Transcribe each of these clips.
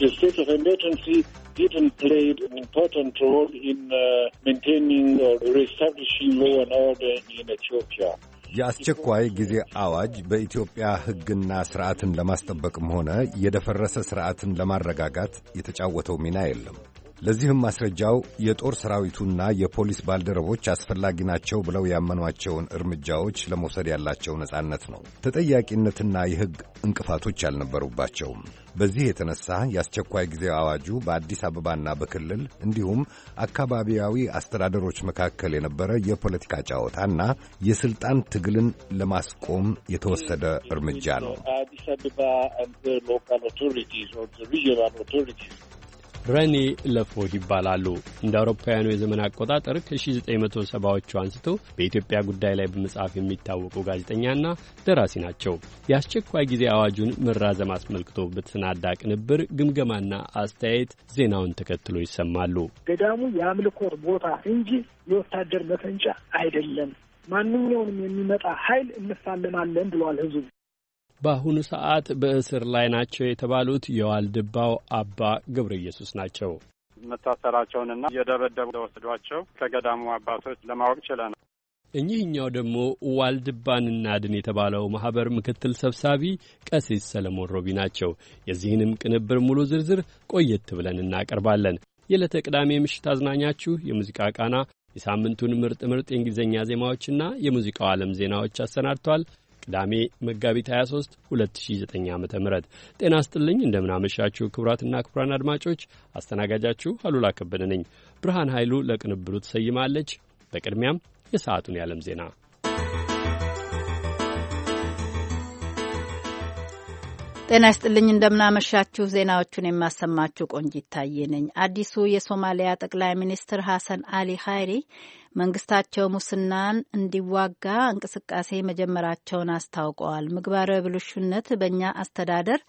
The state of emergency even played an important role in uh, maintaining or reestablishing law and order in Ethiopia. የአስቸኳይ ጊዜ አዋጅ በኢትዮጵያ ሕግና ስርዓትን ለማስጠበቅም ሆነ የደፈረሰ ስርዓትን ለማረጋጋት የተጫወተው ሚና የለም። ለዚህም ማስረጃው የጦር ሰራዊቱና የፖሊስ ባልደረቦች አስፈላጊ ናቸው ብለው ያመኗቸውን እርምጃዎች ለመውሰድ ያላቸው ነጻነት ነው። ተጠያቂነትና የሕግ እንቅፋቶች አልነበሩባቸውም። በዚህ የተነሳ የአስቸኳይ ጊዜ አዋጁ በአዲስ አበባና በክልል እንዲሁም አካባቢያዊ አስተዳደሮች መካከል የነበረ የፖለቲካ ጨዋታና የስልጣን ትግልን ለማስቆም የተወሰደ እርምጃ ነው። ረኔ ለፎድ ይባላሉ። እንደ አውሮፓውያኑ የዘመን አቆጣጠር ከ1970ዎቹ አንስቶ በኢትዮጵያ ጉዳይ ላይ በመጽሐፍ የሚታወቁ ጋዜጠኛና ደራሲ ናቸው። የአስቸኳይ ጊዜ አዋጁን መራዘም አስመልክቶ በተሰናዳ ቅንብር ግምገማና አስተያየት ዜናውን ተከትሎ ይሰማሉ። ገዳሙ የአምልኮ ቦታ እንጂ የወታደር መፈንጫ አይደለም። ማንኛውንም የሚመጣ ኃይል እንፋለማለን ብለዋል ህዝቡ። በአሁኑ ሰዓት በእስር ላይ ናቸው የተባሉት የዋልድባው አባ ገብረ ኢየሱስ ናቸው። መታሰራቸውንና እየደበደቡ ለወሰዷቸው ከገዳሙ አባቶች ለማወቅ ችለናል። እኚህኛው ደግሞ ዋልድባን እናድን የተባለው ማኅበር ምክትል ሰብሳቢ ቀሲስ ሰለሞን ሮቢ ናቸው። የዚህንም ቅንብር ሙሉ ዝርዝር ቆየት ብለን እናቀርባለን። የዕለተ ቅዳሜ ምሽት አዝናኛችሁ የሙዚቃ ቃና የሳምንቱን ምርጥ ምርጥ የእንግሊዝኛ ዜማዎችና የሙዚቃው ዓለም ዜናዎች አሰናድቷል። ቅዳሜ መጋቢት 23 2009 ዓ ም ጤና ስጥልኝ። እንደምናመሻችሁ ክቡራትና ክቡራን አድማጮች አስተናጋጃችሁ አሉላ ከበደ ነኝ። ብርሃን ኃይሉ ለቅንብሩ ትሰይማለች። በቅድሚያም የሰዓቱን የዓለም ዜና ጤና ይስጥልኝ። እንደምናመሻችሁ። ዜናዎቹን የማሰማችሁ ቆንጂት ታዬ ነኝ። አዲሱ የሶማሊያ ጠቅላይ ሚኒስትር ሐሰን አሊ ሀይሪ መንግስታቸው ሙስናን እንዲዋጋ እንቅስቃሴ መጀመራቸውን አስታውቀዋል። ምግባረ ብልሹነት በእኛ አስተዳደር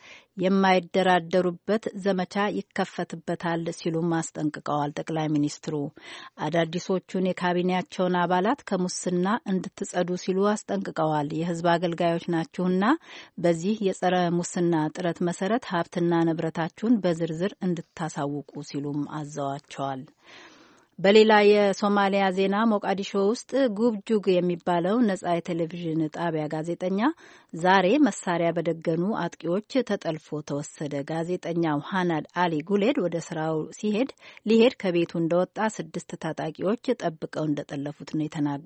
የማይደራደሩበት ዘመቻ ይከፈትበታል ሲሉም አስጠንቅቀዋል። ጠቅላይ ሚኒስትሩ አዳዲሶቹን የካቢኔያቸውን አባላት ከሙስና እንድትጸዱ ሲሉ አስጠንቅቀዋል። የህዝብ አገልጋዮች ናችሁና በዚህ የጸረ ሙስና ጥረት መሰረት ሀብትና ንብረታችሁን በዝርዝር እንድታሳውቁ ሲሉም አዘዋቸዋል። በሌላ የሶማሊያ ዜና ሞቃዲሾ ውስጥ ጉብጁግ የሚባለው ነጻ የቴሌቪዥን ጣቢያ ጋዜጠኛ ዛሬ መሳሪያ በደገኑ አጥቂዎች ተጠልፎ ተወሰደ። ጋዜጠኛው ሃናድ አሊ ጉሌድ ወደ ስራው ሲሄድ ሊሄድ ከቤቱ እንደወጣ ስድስት ታጣቂዎች ጠብቀው እንደጠለፉት ነው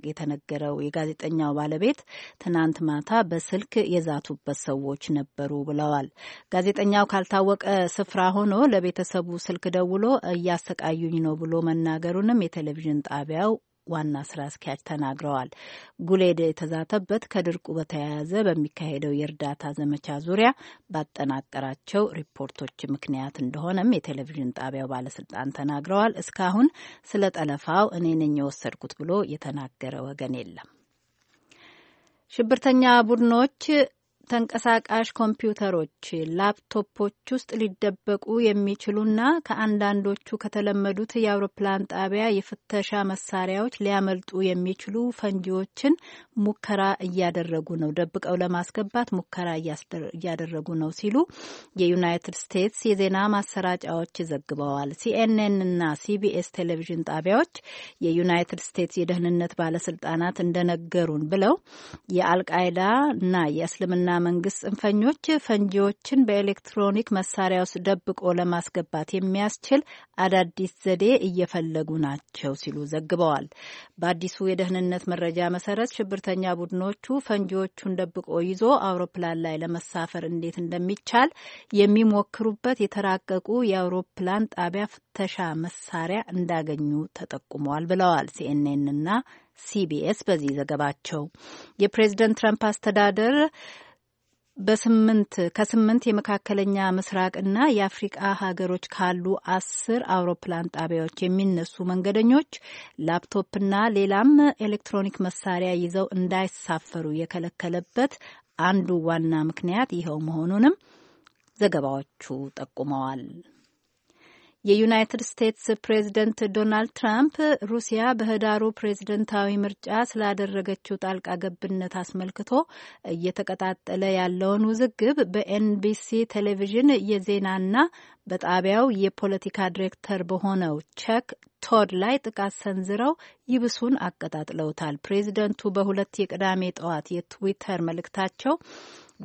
የተነገረው። የጋዜጠኛው ባለቤት ትናንት ማታ በስልክ የዛቱበት ሰዎች ነበሩ ብለዋል። ጋዜጠኛው ካልታወቀ ስፍራ ሆኖ ለቤተሰቡ ስልክ ደውሎ እያሰቃዩኝ ነው ብሎ መናገሩ መናገሩንም የቴሌቪዥን ጣቢያው ዋና ስራ አስኪያጅ ተናግረዋል። ጉሌድ የተዛተበት ከድርቁ በተያያዘ በሚካሄደው የእርዳታ ዘመቻ ዙሪያ ባጠናቀራቸው ሪፖርቶች ምክንያት እንደሆነም የቴሌቪዥን ጣቢያው ባለስልጣን ተናግረዋል። እስካሁን ስለ ጠለፋው እኔ ነኝ የወሰድኩት ብሎ የተናገረ ወገን የለም። ሽብርተኛ ቡድኖች ተንቀሳቃሽ ኮምፒውተሮች፣ ላፕቶፖች ውስጥ ሊደበቁ የሚችሉና ከአንዳንዶቹ ከተለመዱት የአውሮፕላን ጣቢያ የፍተሻ መሳሪያዎች ሊያመልጡ የሚችሉ ፈንጂዎችን ሙከራ እያደረጉ ነው፣ ደብቀው ለማስገባት ሙከራ እያደረጉ ነው ሲሉ የዩናይትድ ስቴትስ የዜና ማሰራጫዎች ዘግበዋል። ሲኤንኤን እና ሲቢኤስ ቴሌቪዥን ጣቢያዎች የዩናይትድ ስቴትስ የደህንነት ባለስልጣናት እንደነገሩን ብለው የአልቃይዳ እና የእስልምና መንግስት ጽንፈኞች ፈንጂዎችን በኤሌክትሮኒክ መሳሪያ ውስጥ ደብቆ ለማስገባት የሚያስችል አዳዲስ ዘዴ እየፈለጉ ናቸው ሲሉ ዘግበዋል። በአዲሱ የደህንነት መረጃ መሰረት ሽብርተኛ ቡድኖቹ ፈንጂዎቹን ደብቆ ይዞ አውሮፕላን ላይ ለመሳፈር እንዴት እንደሚቻል የሚሞክሩበት የተራቀቁ የአውሮፕላን ጣቢያ ፍተሻ መሳሪያ እንዳገኙ ተጠቁመዋል ብለዋል ሲኤንኤንና ሲቢኤስ በዚህ ዘገባቸው የፕሬዝደንት ትራምፕ አስተዳደር በስምንት ከስምንት የመካከለኛ ምስራቅና የአፍሪቃ ሀገሮች ካሉ አስር አውሮፕላን ጣቢያዎች የሚነሱ መንገደኞች ላፕቶፕና ሌላም ኤሌክትሮኒክ መሳሪያ ይዘው እንዳይሳፈሩ የከለከለበት አንዱ ዋና ምክንያት ይኸው መሆኑንም ዘገባዎቹ ጠቁመዋል። የዩናይትድ ስቴትስ ፕሬዝደንት ዶናልድ ትራምፕ ሩሲያ በህዳሩ ፕሬዝደንታዊ ምርጫ ስላደረገችው ጣልቃ ገብነት አስመልክቶ እየተቀጣጠለ ያለውን ውዝግብ በኤንቢሲ ቴሌቪዥን የዜናና በጣቢያው የፖለቲካ ዲሬክተር በሆነው ቸክ ቶድ ላይ ጥቃት ሰንዝረው ይብሱን አቀጣጥለውታል። ፕሬዝደንቱ በሁለት የቅዳሜ ጠዋት የትዊተር መልእክታቸው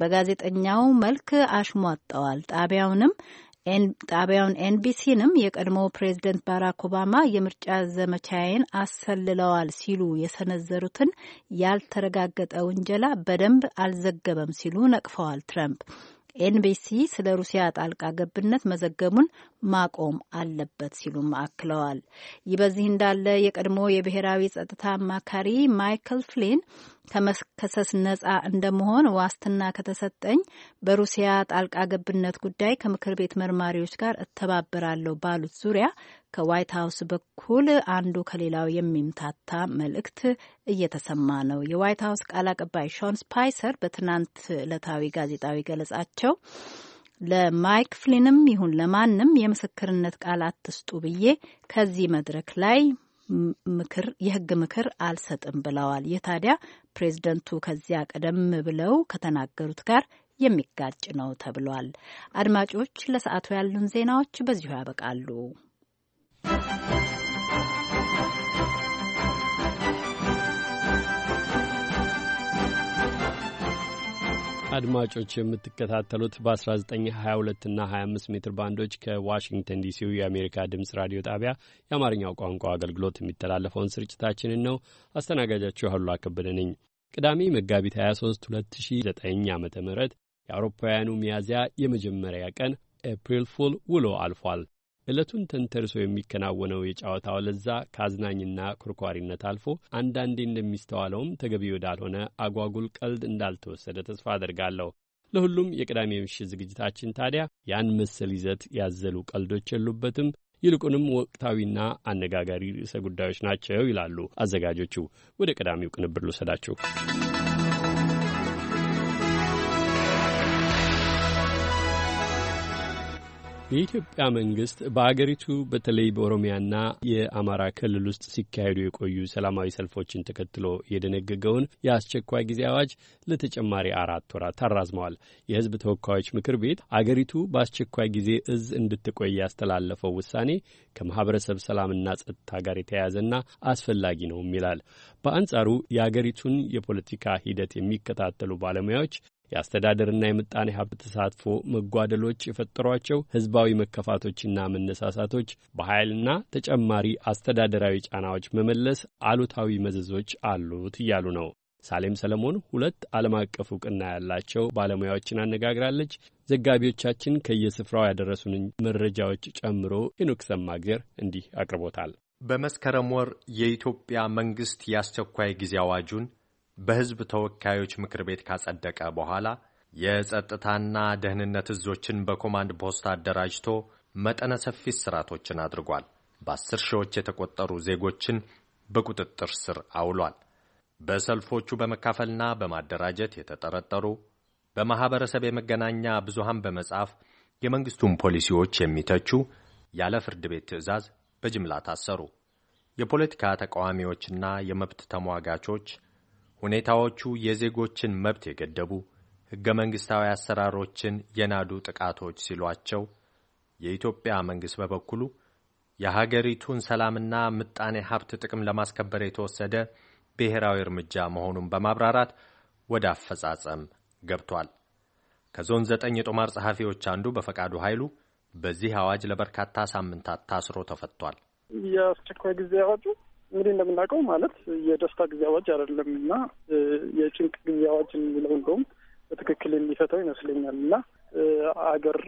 በጋዜጠኛው መልክ አሽሟጠዋል። ጣቢያውንም ጣቢያውን ኤንቢሲንም የቀድሞ ፕሬዝደንት ባራክ ኦባማ የምርጫ ዘመቻዬን አሰልለዋል ሲሉ የሰነዘሩትን ያልተረጋገጠ ውንጀላ በደንብ አልዘገበም ሲሉ ነቅፈዋል ትረምፕ። ኤንቢሲ ስለ ሩሲያ ጣልቃ ገብነት መዘገቡን ማቆም አለበት ሲሉም አክለዋል። ይህ በዚህ እንዳለ የቀድሞ የብሔራዊ ጸጥታ አማካሪ ማይክል ፍሊን ከመከሰስ ነጻ እንደመሆን ዋስትና ከተሰጠኝ በሩሲያ ጣልቃ ገብነት ጉዳይ ከምክር ቤት መርማሪዎች ጋር እተባበራለሁ ባሉት ዙሪያ ከዋይት ሀውስ በኩል አንዱ ከሌላው የሚምታታ መልእክት እየተሰማ ነው። የዋይት ሀውስ ቃል አቀባይ ሾን ስፓይሰር በትናንት ዕለታዊ ጋዜጣዊ ገለጻቸው ለማይክ ፍሊንም ይሁን ለማንም የምስክርነት ቃል አትስጡ ብዬ ከዚህ መድረክ ላይ ምክር የህግ ምክር አልሰጥም ብለዋል። ይህ ታዲያ ፕሬዝደንቱ ከዚያ ቀደም ብለው ከተናገሩት ጋር የሚጋጭ ነው ተብሏል። አድማጮች፣ ለሰዓቱ ያሉን ዜናዎች በዚሁ ያበቃሉ። አድማጮች የምትከታተሉት በ1922 እና 25 ሜትር ባንዶች ከዋሽንግተን ዲሲው የአሜሪካ ድምፅ ራዲዮ ጣቢያ የአማርኛው ቋንቋ አገልግሎት የሚተላለፈውን ስርጭታችንን ነው። አስተናጋጃችሁ አሉላ ከበደ ነኝ። ቅዳሜ መጋቢት 23 2009 ዓ ም የአውሮፓውያኑ ሚያዝያ የመጀመሪያ ቀን ኤፕሪል ፉል ውሎ አልፏል። ዕለቱን ተንተርሶ የሚከናወነው የጨዋታው ለዛ ከአዝናኝና ኮርኳሪነት አልፎ አንዳንዴ እንደሚስተዋለውም ተገቢ ወዳልሆነ አጓጉል ቀልድ እንዳልተወሰደ ተስፋ አደርጋለሁ። ለሁሉም የቅዳሜ ምሽት ዝግጅታችን ታዲያ ያን መሰል ይዘት ያዘሉ ቀልዶች የሉበትም። ይልቁንም ወቅታዊና አነጋጋሪ ርዕሰ ጉዳዮች ናቸው ይላሉ አዘጋጆቹ። ወደ ቀዳሚው ቅንብር ልውሰዳችሁ። የኢትዮጵያ መንግስት በአገሪቱ በተለይ በኦሮሚያና የአማራ ክልል ውስጥ ሲካሄዱ የቆዩ ሰላማዊ ሰልፎችን ተከትሎ የደነገገውን የአስቸኳይ ጊዜ አዋጅ ለተጨማሪ አራት ወራት አራዝመዋል። የህዝብ ተወካዮች ምክር ቤት አገሪቱ በአስቸኳይ ጊዜ እዝ እንድትቆይ ያስተላለፈው ውሳኔ ከማህበረሰብ ሰላምና ጸጥታ ጋር የተያያዘና አስፈላጊ ነውም ይላል። በአንጻሩ የአገሪቱን የፖለቲካ ሂደት የሚከታተሉ ባለሙያዎች የአስተዳደርና የምጣኔ ሀብት ተሳትፎ መጓደሎች የፈጠሯቸው ህዝባዊ መከፋቶችና መነሳሳቶች በኃይልና ተጨማሪ አስተዳደራዊ ጫናዎች መመለስ አሉታዊ መዘዞች አሉት እያሉ ነው። ሳሌም ሰለሞን ሁለት ዓለም አቀፍ እውቅና ያላቸው ባለሙያዎችን አነጋግራለች። ዘጋቢዎቻችን ከየስፍራው ያደረሱን መረጃዎች ጨምሮ ሄኖክ ሰማግዜር እንዲህ አቅርቦታል። በመስከረም ወር የኢትዮጵያ መንግሥት የአስቸኳይ ጊዜ አዋጁን በሕዝብ ተወካዮች ምክር ቤት ካጸደቀ በኋላ የጸጥታና ደህንነት እዞችን በኮማንድ ፖስት አደራጅቶ መጠነ ሰፊ ስራቶችን አድርጓል። በአስር ሺዎች የተቆጠሩ ዜጎችን በቁጥጥር ስር አውሏል። በሰልፎቹ በመካፈልና በማደራጀት የተጠረጠሩ በማኅበረሰብ የመገናኛ ብዙሃን በመጻፍ የመንግሥቱን ፖሊሲዎች የሚተቹ ያለ ፍርድ ቤት ትዕዛዝ በጅምላ ታሰሩ። የፖለቲካ ተቃዋሚዎችና የመብት ተሟጋቾች ሁኔታዎቹ የዜጎችን መብት የገደቡ ሕገ መንግሥታዊ አሰራሮችን የናዱ ጥቃቶች ሲሏቸው፣ የኢትዮጵያ መንግሥት በበኩሉ የሀገሪቱን ሰላምና ምጣኔ ሀብት ጥቅም ለማስከበር የተወሰደ ብሔራዊ እርምጃ መሆኑን በማብራራት ወደ አፈጻጸም ገብቷል። ከዞን ዘጠኝ የጦማር ጸሐፊዎች አንዱ በፈቃዱ ኃይሉ በዚህ አዋጅ ለበርካታ ሳምንታት ታስሮ ተፈቷል። የአስቸኳይ ጊዜ አዋጁ እንግዲህ እንደምናውቀው ማለት የደስታ ጊዜ አዋጅ አይደለም እና የጭንቅ ጊዜ አዋጅ የሚለው እንደውም በትክክል የሚፈታው ይመስለኛል እና አገር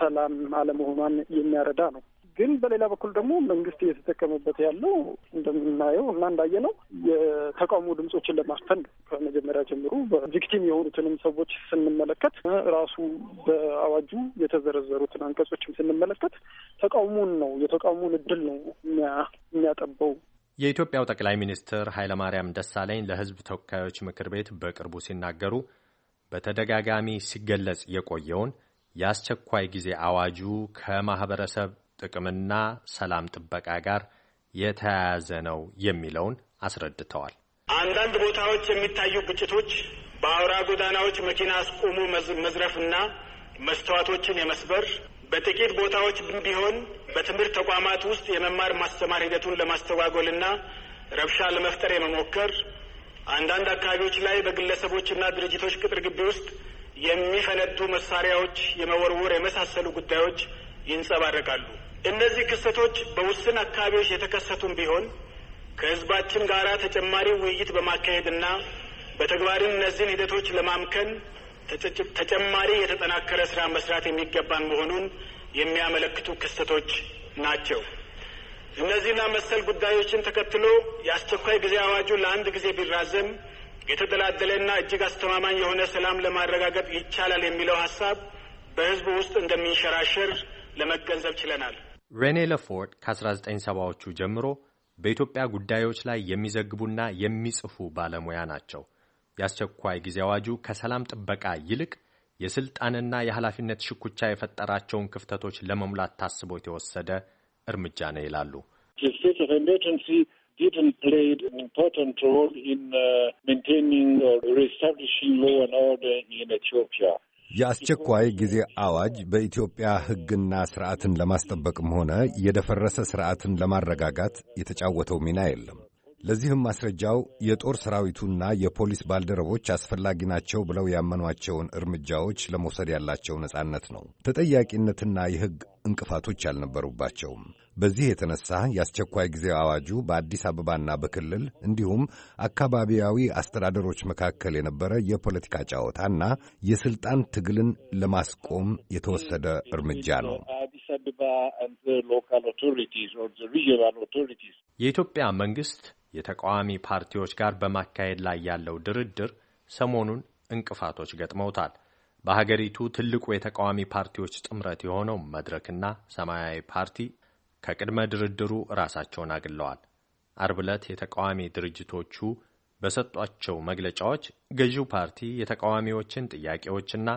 ሰላም አለመሆኗን የሚያረዳ ነው። ግን በሌላ በኩል ደግሞ መንግስት እየተጠቀመበት ያለው እንደምናየው እና እንዳየ ነው የተቃውሞ ድምጾችን ለማፈን ከመጀመሪያ ጀምሮ በቪክቲም የሆኑትንም ሰዎች ስንመለከት ራሱ በአዋጁ የተዘረዘሩትን አንቀጾችም ስንመለከት ተቃውሞን ነው የተቃውሞን እድል ነው የሚያጠበው የኢትዮጵያው ጠቅላይ ሚኒስትር ኃይለማርያም ደሳለኝ ለሕዝብ ተወካዮች ምክር ቤት በቅርቡ ሲናገሩ በተደጋጋሚ ሲገለጽ የቆየውን የአስቸኳይ ጊዜ አዋጁ ከማኅበረሰብ ጥቅምና ሰላም ጥበቃ ጋር የተያያዘ ነው የሚለውን አስረድተዋል። አንዳንድ ቦታዎች የሚታዩ ግጭቶች በአውራ ጎዳናዎች መኪና አስቆሙ መዝረፍና መስተዋቶችን የመስበር በጥቂት ቦታዎች ቢሆን በትምህርት ተቋማት ውስጥ የመማር ማስተማር ሂደቱን ለማስተጓጎልና ረብሻ ለመፍጠር የመሞከር አንዳንድ አካባቢዎች ላይ በግለሰቦችና ድርጅቶች ቅጥር ግቢ ውስጥ የሚፈነዱ መሳሪያዎች የመወርወር የመሳሰሉ ጉዳዮች ይንጸባረቃሉ። እነዚህ ክስተቶች በውስን አካባቢዎች የተከሰቱም ቢሆን ከህዝባችን ጋራ ተጨማሪ ውይይት በማካሄድና በተግባርን እነዚህን ሂደቶች ለማምከን ተጨማሪ የተጠናከረ ስራ መስራት የሚገባን መሆኑን የሚያመለክቱ ክስተቶች ናቸው። እነዚህና መሰል ጉዳዮችን ተከትሎ የአስቸኳይ ጊዜ አዋጁ ለአንድ ጊዜ ቢራዘም የተደላደለና እጅግ አስተማማኝ የሆነ ሰላም ለማረጋገጥ ይቻላል የሚለው ሀሳብ በህዝቡ ውስጥ እንደሚንሸራሸር ለመገንዘብ ችለናል። ሬኔ ለፎርድ ከ1970ዎቹ ጀምሮ በኢትዮጵያ ጉዳዮች ላይ የሚዘግቡና የሚጽፉ ባለሙያ ናቸው። የአስቸኳይ ጊዜ አዋጁ ከሰላም ጥበቃ ይልቅ የሥልጣንና የኃላፊነት ሽኩቻ የፈጠራቸውን ክፍተቶች ለመሙላት ታስቦ የተወሰደ እርምጃ ነው ይላሉ። uh, የአስቸኳይ ጊዜ አዋጅ በኢትዮጵያ ሕግና ስርዓትን ለማስጠበቅም ሆነ የደፈረሰ ስርዓትን ለማረጋጋት የተጫወተው ሚና የለም። ለዚህም ማስረጃው የጦር ሰራዊቱና የፖሊስ ባልደረቦች አስፈላጊ ናቸው ብለው ያመኗቸውን እርምጃዎች ለመውሰድ ያላቸው ነጻነት ነው። ተጠያቂነትና የሕግ እንቅፋቶች አልነበሩባቸውም። በዚህ የተነሳ የአስቸኳይ ጊዜ አዋጁ በአዲስ አበባና በክልል እንዲሁም አካባቢያዊ አስተዳደሮች መካከል የነበረ የፖለቲካ ጨዋታና የስልጣን ትግልን ለማስቆም የተወሰደ እርምጃ ነው። የኢትዮጵያ መንግስት የተቃዋሚ ፓርቲዎች ጋር በማካሄድ ላይ ያለው ድርድር ሰሞኑን እንቅፋቶች ገጥመውታል። በሀገሪቱ ትልቁ የተቃዋሚ ፓርቲዎች ጥምረት የሆነው መድረክና ሰማያዊ ፓርቲ ከቅድመ ድርድሩ ራሳቸውን አግለዋል። አርብ ዕለት የተቃዋሚ ድርጅቶቹ በሰጧቸው መግለጫዎች ገዢው ፓርቲ የተቃዋሚዎችን ጥያቄዎችና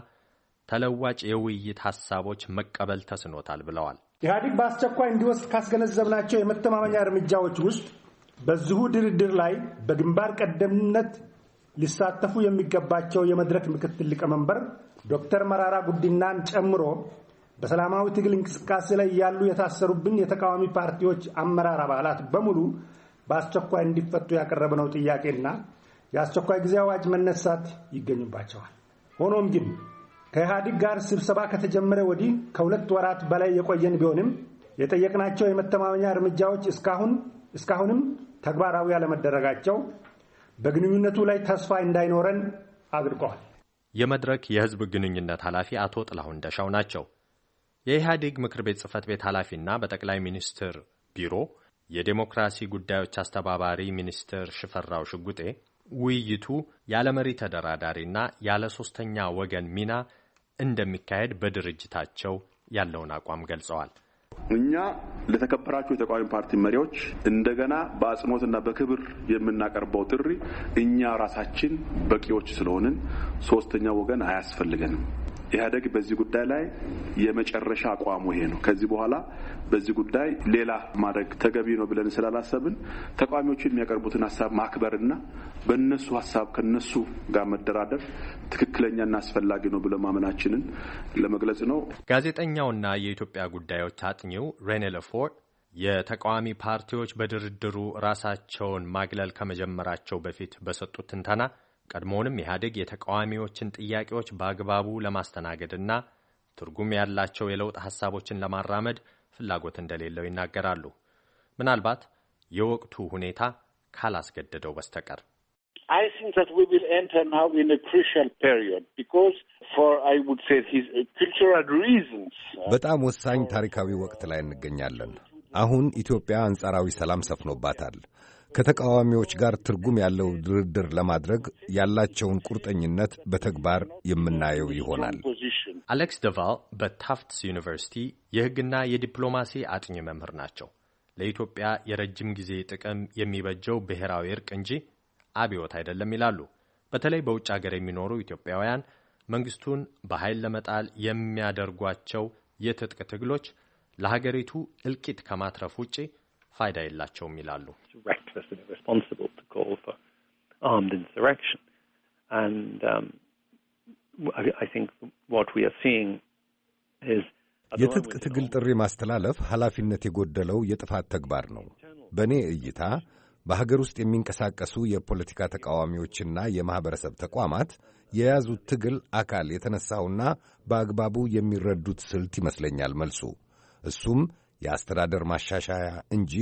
ተለዋጭ የውይይት ሐሳቦች መቀበል ተስኖታል ብለዋል። ኢህአዲግ በአስቸኳይ እንዲወስድ ካስገነዘብናቸው የመተማመኛ እርምጃዎች ውስጥ በዚሁ ድርድር ላይ በግንባር ቀደምነት ሊሳተፉ የሚገባቸው የመድረክ ምክትል ሊቀመንበር ዶክተር መራራ ጉዲናን ጨምሮ በሰላማዊ ትግል እንቅስቃሴ ላይ ያሉ የታሰሩብን የተቃዋሚ ፓርቲዎች አመራር አባላት በሙሉ በአስቸኳይ እንዲፈቱ ያቀረብነው ጥያቄና የአስቸኳይ ጊዜ አዋጅ መነሳት ይገኙባቸዋል። ሆኖም ግን ከኢህአዲግ ጋር ስብሰባ ከተጀመረ ወዲህ ከሁለት ወራት በላይ የቆየን ቢሆንም የጠየቅናቸው የመተማመኛ እርምጃዎች እስካሁን እስካሁንም ተግባራዊ ያለመደረጋቸው በግንኙነቱ ላይ ተስፋ እንዳይኖረን አድርገዋል። የመድረክ የህዝብ ግንኙነት ኃላፊ አቶ ጥላሁን ደሻው ናቸው። የኢህአዴግ ምክር ቤት ጽህፈት ቤት ኃላፊና በጠቅላይ ሚኒስትር ቢሮ የዴሞክራሲ ጉዳዮች አስተባባሪ ሚኒስትር ሽፈራው ሽጉጤ ውይይቱ ያለ መሪ ተደራዳሪና ያለ ሶስተኛ ወገን ሚና እንደሚካሄድ በድርጅታቸው ያለውን አቋም ገልጸዋል። እኛ ለተከበራቸው የተቃዋሚ ፓርቲ መሪዎች እንደገና በአጽንኦትና በክብር የምናቀርበው ጥሪ እኛ ራሳችን በቂዎች ስለሆንን ሶስተኛ ወገን አያስፈልገንም። ኢህአዴግ በዚህ ጉዳይ ላይ የመጨረሻ አቋሙ ይሄ ነው። ከዚህ በኋላ በዚህ ጉዳይ ሌላ ማድረግ ተገቢ ነው ብለን ስላላሰብን ተቃዋሚዎቹ የሚያቀርቡትን ሀሳብ ማክበርና በእነሱ ሀሳብ ከነሱ ጋር መደራደር ትክክለኛና አስፈላጊ ነው ብለን ማመናችንን ለመግለጽ ነው። ጋዜጠኛውና የኢትዮጵያ ጉዳዮች አጥኚው ሬኔ ለፎርድ የተቃዋሚ ፓርቲዎች በድርድሩ ራሳቸውን ማግለል ከመጀመራቸው በፊት በሰጡት ትንተና ቀድሞውንም ኢህአዴግ የተቃዋሚዎችን ጥያቄዎች በአግባቡ ለማስተናገድና ትርጉም ያላቸው የለውጥ ሐሳቦችን ለማራመድ ፍላጎት እንደሌለው ይናገራሉ። ምናልባት የወቅቱ ሁኔታ ካላስገደደው በስተቀር I think that we will enter now in a crucial period because for, I would say, his cultural reasons. Uh, በጣም ወሳኝ ታሪካዊ ወቅት ላይ እንገኛለን። አሁን ኢትዮጵያ አንጻራዊ ሰላም ሰፍኖባታል። ከተቃዋሚዎች ጋር ትርጉም ያለው ድርድር ለማድረግ ያላቸውን ቁርጠኝነት በተግባር የምናየው ይሆናል። አሌክስ ደቫል በታፍትስ ዩኒቨርሲቲ የሕግና የዲፕሎማሲ አጥኚ መምህር ናቸው። ለኢትዮጵያ የረጅም ጊዜ ጥቅም የሚበጀው ብሔራዊ እርቅ እንጂ አብዮት አይደለም ይላሉ። በተለይ በውጭ ሀገር የሚኖሩ ኢትዮጵያውያን መንግስቱን በኃይል ለመጣል የሚያደርጓቸው የትጥቅ ትግሎች ለሀገሪቱ እልቂት ከማትረፍ ውጪ ፋይዳ የላቸውም ይላሉ። responsible to call for armed insurrection. And um, I, I think what we are seeing is የትጥቅ ትግል ጥሪ ማስተላለፍ ኃላፊነት የጎደለው የጥፋት ተግባር ነው። በእኔ እይታ በሀገር ውስጥ የሚንቀሳቀሱ የፖለቲካ ተቃዋሚዎችና የማኅበረሰብ ተቋማት የያዙት ትግል አካል የተነሳውና በአግባቡ የሚረዱት ስልት ይመስለኛል መልሱ እሱም የአስተዳደር ማሻሻያ እንጂ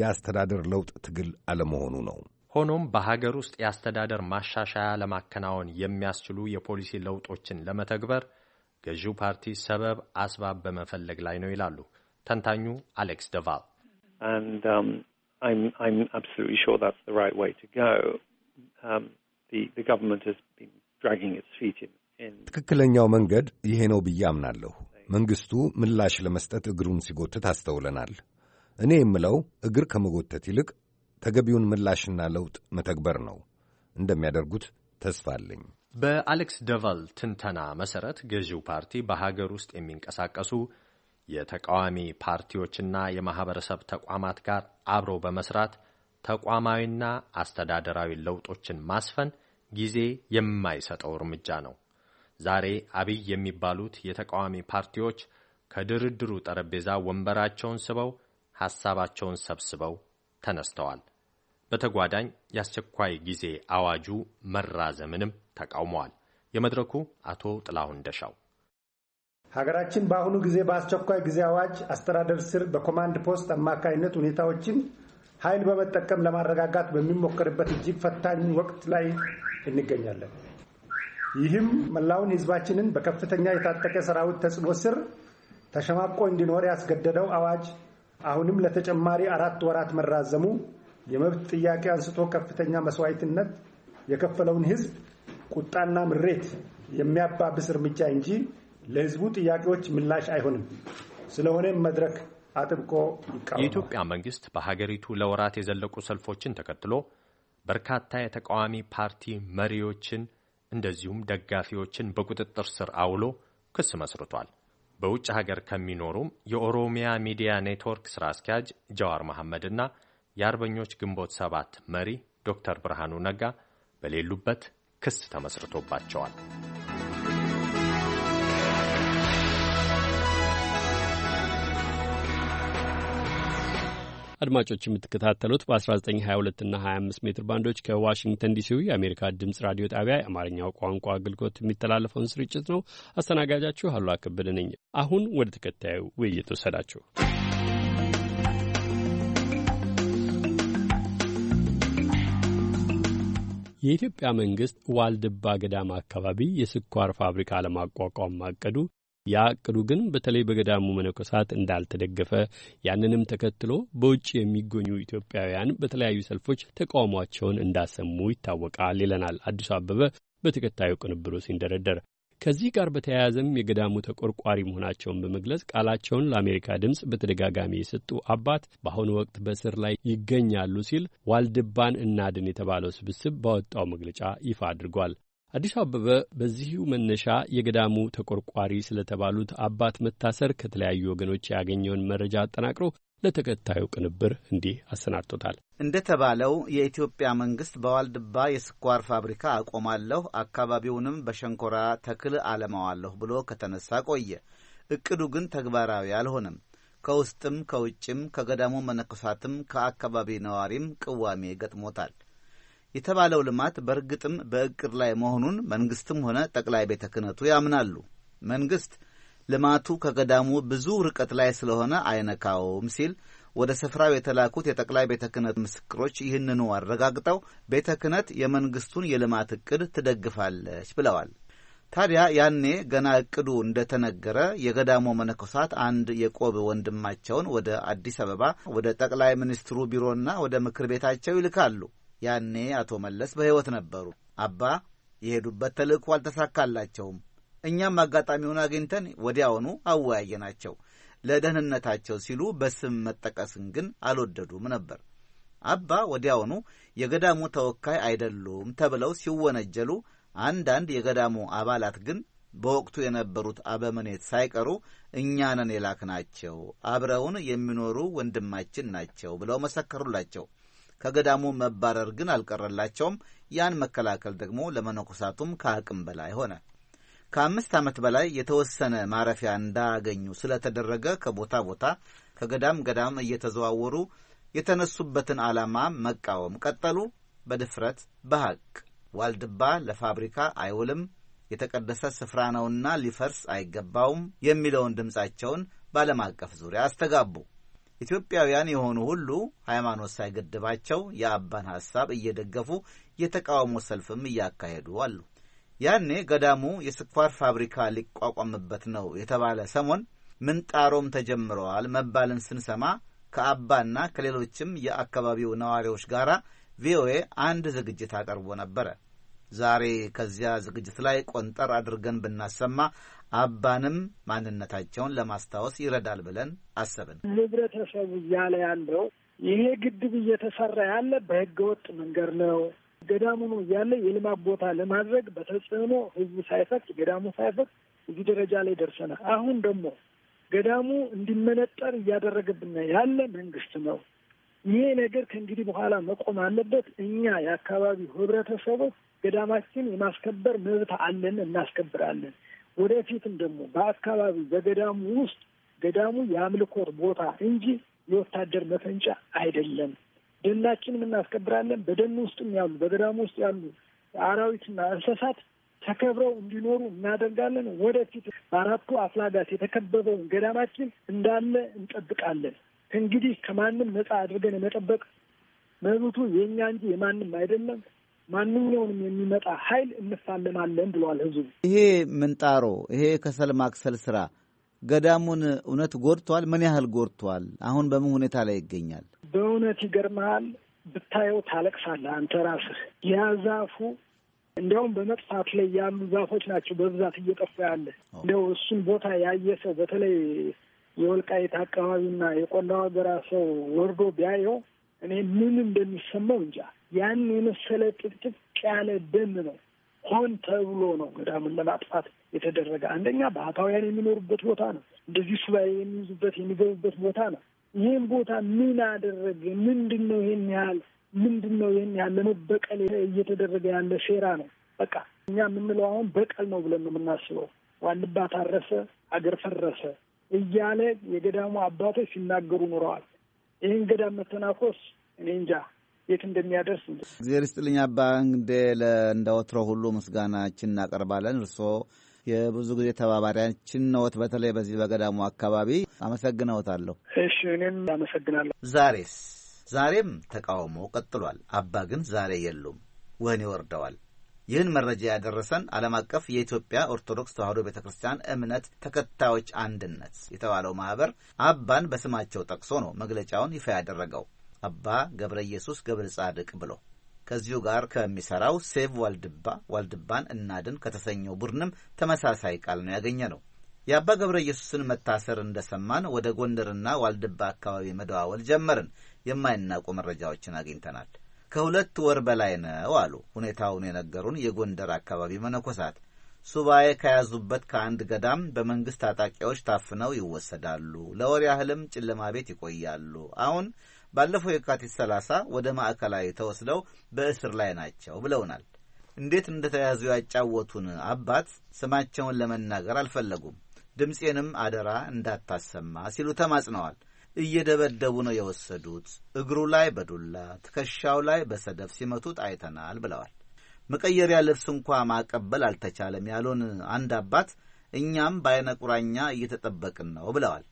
የአስተዳደር ለውጥ ትግል አለመሆኑ ነው። ሆኖም በሀገር ውስጥ የአስተዳደር ማሻሻያ ለማከናወን የሚያስችሉ የፖሊሲ ለውጦችን ለመተግበር ገዢው ፓርቲ ሰበብ አስባብ በመፈለግ ላይ ነው ይላሉ ተንታኙ አሌክስ ደቫል። ትክክለኛው መንገድ ይሄ ነው ብዬ አምናለሁ። መንግሥቱ ምላሽ ለመስጠት እግሩን ሲጎትት አስተውለናል። እኔ የምለው እግር ከመጎተት ይልቅ ተገቢውን ምላሽና ለውጥ መተግበር ነው። እንደሚያደርጉት ተስፋ አለኝ። በአሌክስ ደቫል ትንተና መሠረት ገዢው ፓርቲ በሀገር ውስጥ የሚንቀሳቀሱ የተቃዋሚ ፓርቲዎችና የማኅበረሰብ ተቋማት ጋር አብሮ በመስራት ተቋማዊና አስተዳደራዊ ለውጦችን ማስፈን ጊዜ የማይሰጠው እርምጃ ነው። ዛሬ አብይ የሚባሉት የተቃዋሚ ፓርቲዎች ከድርድሩ ጠረጴዛ ወንበራቸውን ስበው ሐሳባቸውን ሰብስበው ተነስተዋል። በተጓዳኝ የአስቸኳይ ጊዜ አዋጁ መራዘምንም ተቃውመዋል። የመድረኩ አቶ ጥላሁን ደሻው ሀገራችን በአሁኑ ጊዜ በአስቸኳይ ጊዜ አዋጅ አስተዳደር ስር በኮማንድ ፖስት አማካይነት ሁኔታዎችን ኃይል በመጠቀም ለማረጋጋት በሚሞከርበት እጅግ ፈታኝ ወቅት ላይ እንገኛለን። ይህም መላውን ህዝባችንን በከፍተኛ የታጠቀ ሰራዊት ተጽዕኖ ስር ተሸማቆ እንዲኖር ያስገደደው አዋጅ አሁንም ለተጨማሪ አራት ወራት መራዘሙ የመብት ጥያቄ አንስቶ ከፍተኛ መስዋዕትነት የከፈለውን ህዝብ ቁጣና ምሬት የሚያባብስ እርምጃ እንጂ ለህዝቡ ጥያቄዎች ምላሽ አይሆንም። ስለሆነም መድረክ አጥብቆ ይቃወማል። የኢትዮጵያ መንግስት በሀገሪቱ ለወራት የዘለቁ ሰልፎችን ተከትሎ በርካታ የተቃዋሚ ፓርቲ መሪዎችን እንደዚሁም ደጋፊዎችን በቁጥጥር ስር አውሎ ክስ መስርቷል። በውጭ ሀገር ከሚኖሩም የኦሮሚያ ሚዲያ ኔትወርክ ስራ አስኪያጅ ጀዋር መሐመድና የአርበኞች ግንቦት ሰባት መሪ ዶክተር ብርሃኑ ነጋ በሌሉበት ክስ ተመስርቶባቸዋል። አድማጮች የምትከታተሉት በ1922 እና 25 ሜትር ባንዶች ከዋሽንግተን ዲሲው የአሜሪካ ድምፅ ራዲዮ ጣቢያ የአማርኛው ቋንቋ አገልግሎት የሚተላለፈውን ስርጭት ነው። አስተናጋጃችሁ አሉላ ከበደ ነኝ። አሁን ወደ ተከታዩ ውይይት ወሰዳችሁ። የኢትዮጵያ መንግስት ዋልድባ ገዳማ አካባቢ የስኳር ፋብሪካ ለማቋቋም ማቀዱ ያ እቅዱ ግን በተለይ በገዳሙ መነኮሳት እንዳልተደገፈ ያንንም ተከትሎ በውጭ የሚገኙ ኢትዮጵያውያን በተለያዩ ሰልፎች ተቃውሟቸውን እንዳሰሙ ይታወቃል ይለናል አዲሱ አበበ በተከታዩ ቅንብሩ ሲንደረደር። ከዚህ ጋር በተያያዘም የገዳሙ ተቆርቋሪ መሆናቸውን በመግለጽ ቃላቸውን ለአሜሪካ ድምፅ በተደጋጋሚ የሰጡ አባት በአሁኑ ወቅት በእስር ላይ ይገኛሉ ሲል ዋልድባን እናድን የተባለው ስብስብ ባወጣው መግለጫ ይፋ አድርጓል። አዲሱ አበበ በዚሁ መነሻ የገዳሙ ተቆርቋሪ ስለተባሉት አባት መታሰር ከተለያዩ ወገኖች ያገኘውን መረጃ አጠናቅሮ ለተከታዩ ቅንብር እንዲህ አሰናድቶታል። እንደ ተባለው የኢትዮጵያ መንግስት በዋልድባ የስኳር ፋብሪካ አቆማለሁ፣ አካባቢውንም በሸንኮራ ተክል አለማዋለሁ ብሎ ከተነሳ ቆየ። እቅዱ ግን ተግባራዊ አልሆነም። ከውስጥም ከውጭም ከገዳሙ መነኮሳትም ከአካባቢ ነዋሪም ቅዋሜ ገጥሞታል። የተባለው ልማት በእርግጥም በእቅድ ላይ መሆኑን መንግስትም ሆነ ጠቅላይ ቤተ ክህነቱ ያምናሉ። መንግስት ልማቱ ከገዳሙ ብዙ ርቀት ላይ ስለሆነ አይነካውም ሲል ወደ ስፍራው የተላኩት የጠቅላይ ቤተ ክህነት ምስክሮች ይህንኑ አረጋግጠው ቤተ ክህነት የመንግስቱን የልማት እቅድ ትደግፋለች ብለዋል። ታዲያ ያኔ ገና እቅዱ እንደተነገረ የገዳሙ መነኮሳት አንድ የቆብ ወንድማቸውን ወደ አዲስ አበባ ወደ ጠቅላይ ሚኒስትሩ ቢሮና ወደ ምክር ቤታቸው ይልካሉ። ያኔ አቶ መለስ በሕይወት ነበሩ። አባ የሄዱበት ተልእኮ አልተሳካላቸውም። እኛም አጋጣሚውን አግኝተን ወዲያውኑ አወያየናቸው። ለደህንነታቸው ሲሉ በስም መጠቀስን ግን አልወደዱም ነበር። አባ ወዲያውኑ የገዳሙ ተወካይ አይደሉም ተብለው ሲወነጀሉ፣ አንዳንድ የገዳሙ አባላት ግን በወቅቱ የነበሩት አበምኔት ሳይቀሩ እኛንን የላክናቸው አብረውን የሚኖሩ ወንድማችን ናቸው ብለው መሰከሩላቸው። ከገዳሙ መባረር ግን አልቀረላቸውም። ያን መከላከል ደግሞ ለመነኮሳቱም ከአቅም በላይ ሆነ። ከአምስት ዓመት በላይ የተወሰነ ማረፊያ እንዳያገኙ ስለተደረገ ከቦታ ቦታ ከገዳም ገዳም እየተዘዋወሩ የተነሱበትን ዓላማ መቃወም ቀጠሉ። በድፍረት በሐቅ ዋልድባ ለፋብሪካ አይውልም፣ የተቀደሰ ስፍራ ነውና ሊፈርስ አይገባውም የሚለውን ድምፃቸውን በዓለም አቀፍ ዙሪያ አስተጋቡ። ኢትዮጵያውያን የሆኑ ሁሉ ሃይማኖት ሳይገድባቸው የአባን ሐሳብ እየደገፉ የተቃውሞ ሰልፍም እያካሄዱ አሉ። ያኔ ገዳሙ የስኳር ፋብሪካ ሊቋቋምበት ነው የተባለ ሰሞን ምንጣሮም ተጀምረዋል መባልን ስንሰማ ከአባና ከሌሎችም የአካባቢው ነዋሪዎች ጋር ቪኦኤ አንድ ዝግጅት አቀርቦ ነበረ። ዛሬ ከዚያ ዝግጅት ላይ ቆንጠር አድርገን ብናሰማ አባንም ማንነታቸውን ለማስታወስ ይረዳል ብለን አሰብን። ህብረተሰቡ እያለ ያለው ይሄ ግድብ እየተሰራ ያለ በህገወጥ መንገድ ነው ገዳሙ ነው እያለ የልማት ቦታ ለማድረግ በተጽዕኖ ህዝቡ ሳይፈቅድ ገዳሙ ሳይፈቅድ እዚህ ደረጃ ላይ ደርሰናል። አሁን ደግሞ ገዳሙ እንዲመነጠር እያደረገብን ያለ መንግስት ነው። ይሄ ነገር ከእንግዲህ በኋላ መቆም አለበት። እኛ የአካባቢው ህብረተሰቦች ገዳማችን የማስከበር መብት አለን፣ እናስከብራለን። ወደፊትም ደግሞ በአካባቢ በገዳሙ ውስጥ ገዳሙ የአምልኮት ቦታ እንጂ የወታደር መፈንጫ አይደለም። ደናችንም እናስከብራለን። በደን ውስጥም ያሉ በገዳሙ ውስጥ ያሉ አራዊትና እንስሳት ተከብረው እንዲኖሩ እናደርጋለን። ወደፊት በአራቱ አፍላጋት የተከበበውን ገዳማችን እንዳለ እንጠብቃለን። እንግዲህ ከማንም ነፃ አድርገን የመጠበቅ መብቱ የእኛ እንጂ የማንም አይደለም። ማንኛውንም የሚመጣ ኃይል እንፋለማለን ብለዋል ህዝቡ። ይሄ ምንጣሮ ይሄ ከሰል ማክሰል ስራ ገዳሙን እውነት ጎድቷል? ምን ያህል ጎድቷል? አሁን በምን ሁኔታ ላይ ይገኛል? በእውነት ይገርመሃል፣ ብታየው ታለቅሳለህ አንተ ራስህ። ያ ዛፉ እንዲያውም በመጥፋት ላይ ያሉ ዛፎች ናቸው በብዛት እየጠፉ ያለ። እንዲያው እሱን ቦታ ያየ ሰው በተለይ የወልቃይት አካባቢና የቆላ ሀገራ ሰው ወርዶ ቢያየው እኔ ምን እንደሚሰማው እንጃ። ያን የመሰለ ጭፍጭፍ ያለ ደም ነው። ሆን ተብሎ ነው ገዳሙን ለማጥፋት የተደረገ። አንደኛ ባህታውያን የሚኖሩበት ቦታ ነው። እንደዚህ ሱባኤ የሚይዙበት የሚገቡበት ቦታ ነው። ይህን ቦታ ምን አደረገ? ምንድን ነው ይህን ያህል ምንድን ነው ይህን ያህል ለመበቀል እየተደረገ ያለ ሴራ ነው። በቃ እኛ የምንለው አሁን በቀል ነው ብለን ነው የምናስበው። ዋልባ ታረሰ፣ አገር ፈረሰ እያለ የገዳሙ አባቶች ሲናገሩ ኑረዋል። ይህን ገዳም መተናኮስ እኔ እንጃ የት እንደሚያደርስ። እግዚአብሔር ይስጥልኝ አባ እንግዴ እንደ ወትሮ ሁሉ ምስጋናችን እናቀርባለን። እርስዎ የብዙ ጊዜ ተባባሪያችን ነዎት፣ በተለይ በዚህ በገዳሙ አካባቢ አመሰግነዎታለሁ። እሺ እኔም አመሰግናለሁ። ዛሬስ ዛሬም ተቃውሞ ቀጥሏል። አባ ግን ዛሬ የሉም፣ ወህኒ ወርደዋል። ይህን መረጃ ያደረሰን ዓለም አቀፍ የኢትዮጵያ ኦርቶዶክስ ተዋሕዶ ቤተ ክርስቲያን እምነት ተከታዮች አንድነት የተባለው ማኅበር አባን በስማቸው ጠቅሶ ነው መግለጫውን ይፋ ያደረገው። አባ ገብረ ኢየሱስ ገብረ ጻድቅ ብሎ ከዚሁ ጋር ከሚሰራው ሴቭ ዋልድባ ዋልድባን እናድን ከተሰኘው ቡድንም ተመሳሳይ ቃል ነው ያገኘ ነው። የአባ ገብረ ኢየሱስን መታሰር እንደሰማን ወደ ጎንደርና ዋልድባ አካባቢ መደዋወል ጀመርን። የማይናቁ መረጃዎችን አግኝተናል። ከሁለት ወር በላይ ነው አሉ ሁኔታውን የነገሩን የጎንደር አካባቢ መነኮሳት። ሱባኤ ከያዙበት ከአንድ ገዳም በመንግስት ታጣቂዎች ታፍነው ይወሰዳሉ። ለወር ያህልም ጨለማ ቤት ይቆያሉ። አሁን ባለፈው የካቲት 30 ወደ ማዕከላዊ ተወስደው በእስር ላይ ናቸው ብለውናል። እንዴት እንደተያዙ ያጫወቱን አባት ስማቸውን ለመናገር አልፈለጉም። ድምፄንም አደራ እንዳታሰማ ሲሉ ተማጽነዋል። እየደበደቡ ነው የወሰዱት። እግሩ ላይ በዱላ ትከሻው ላይ በሰደፍ ሲመቱት አይተናል ብለዋል። መቀየሪያ ልብስ እንኳ ማቀበል አልተቻለም ያሉን አንድ አባት እኛም በአይነ ቁራኛ እየተጠበቅን ነው ብለዋል።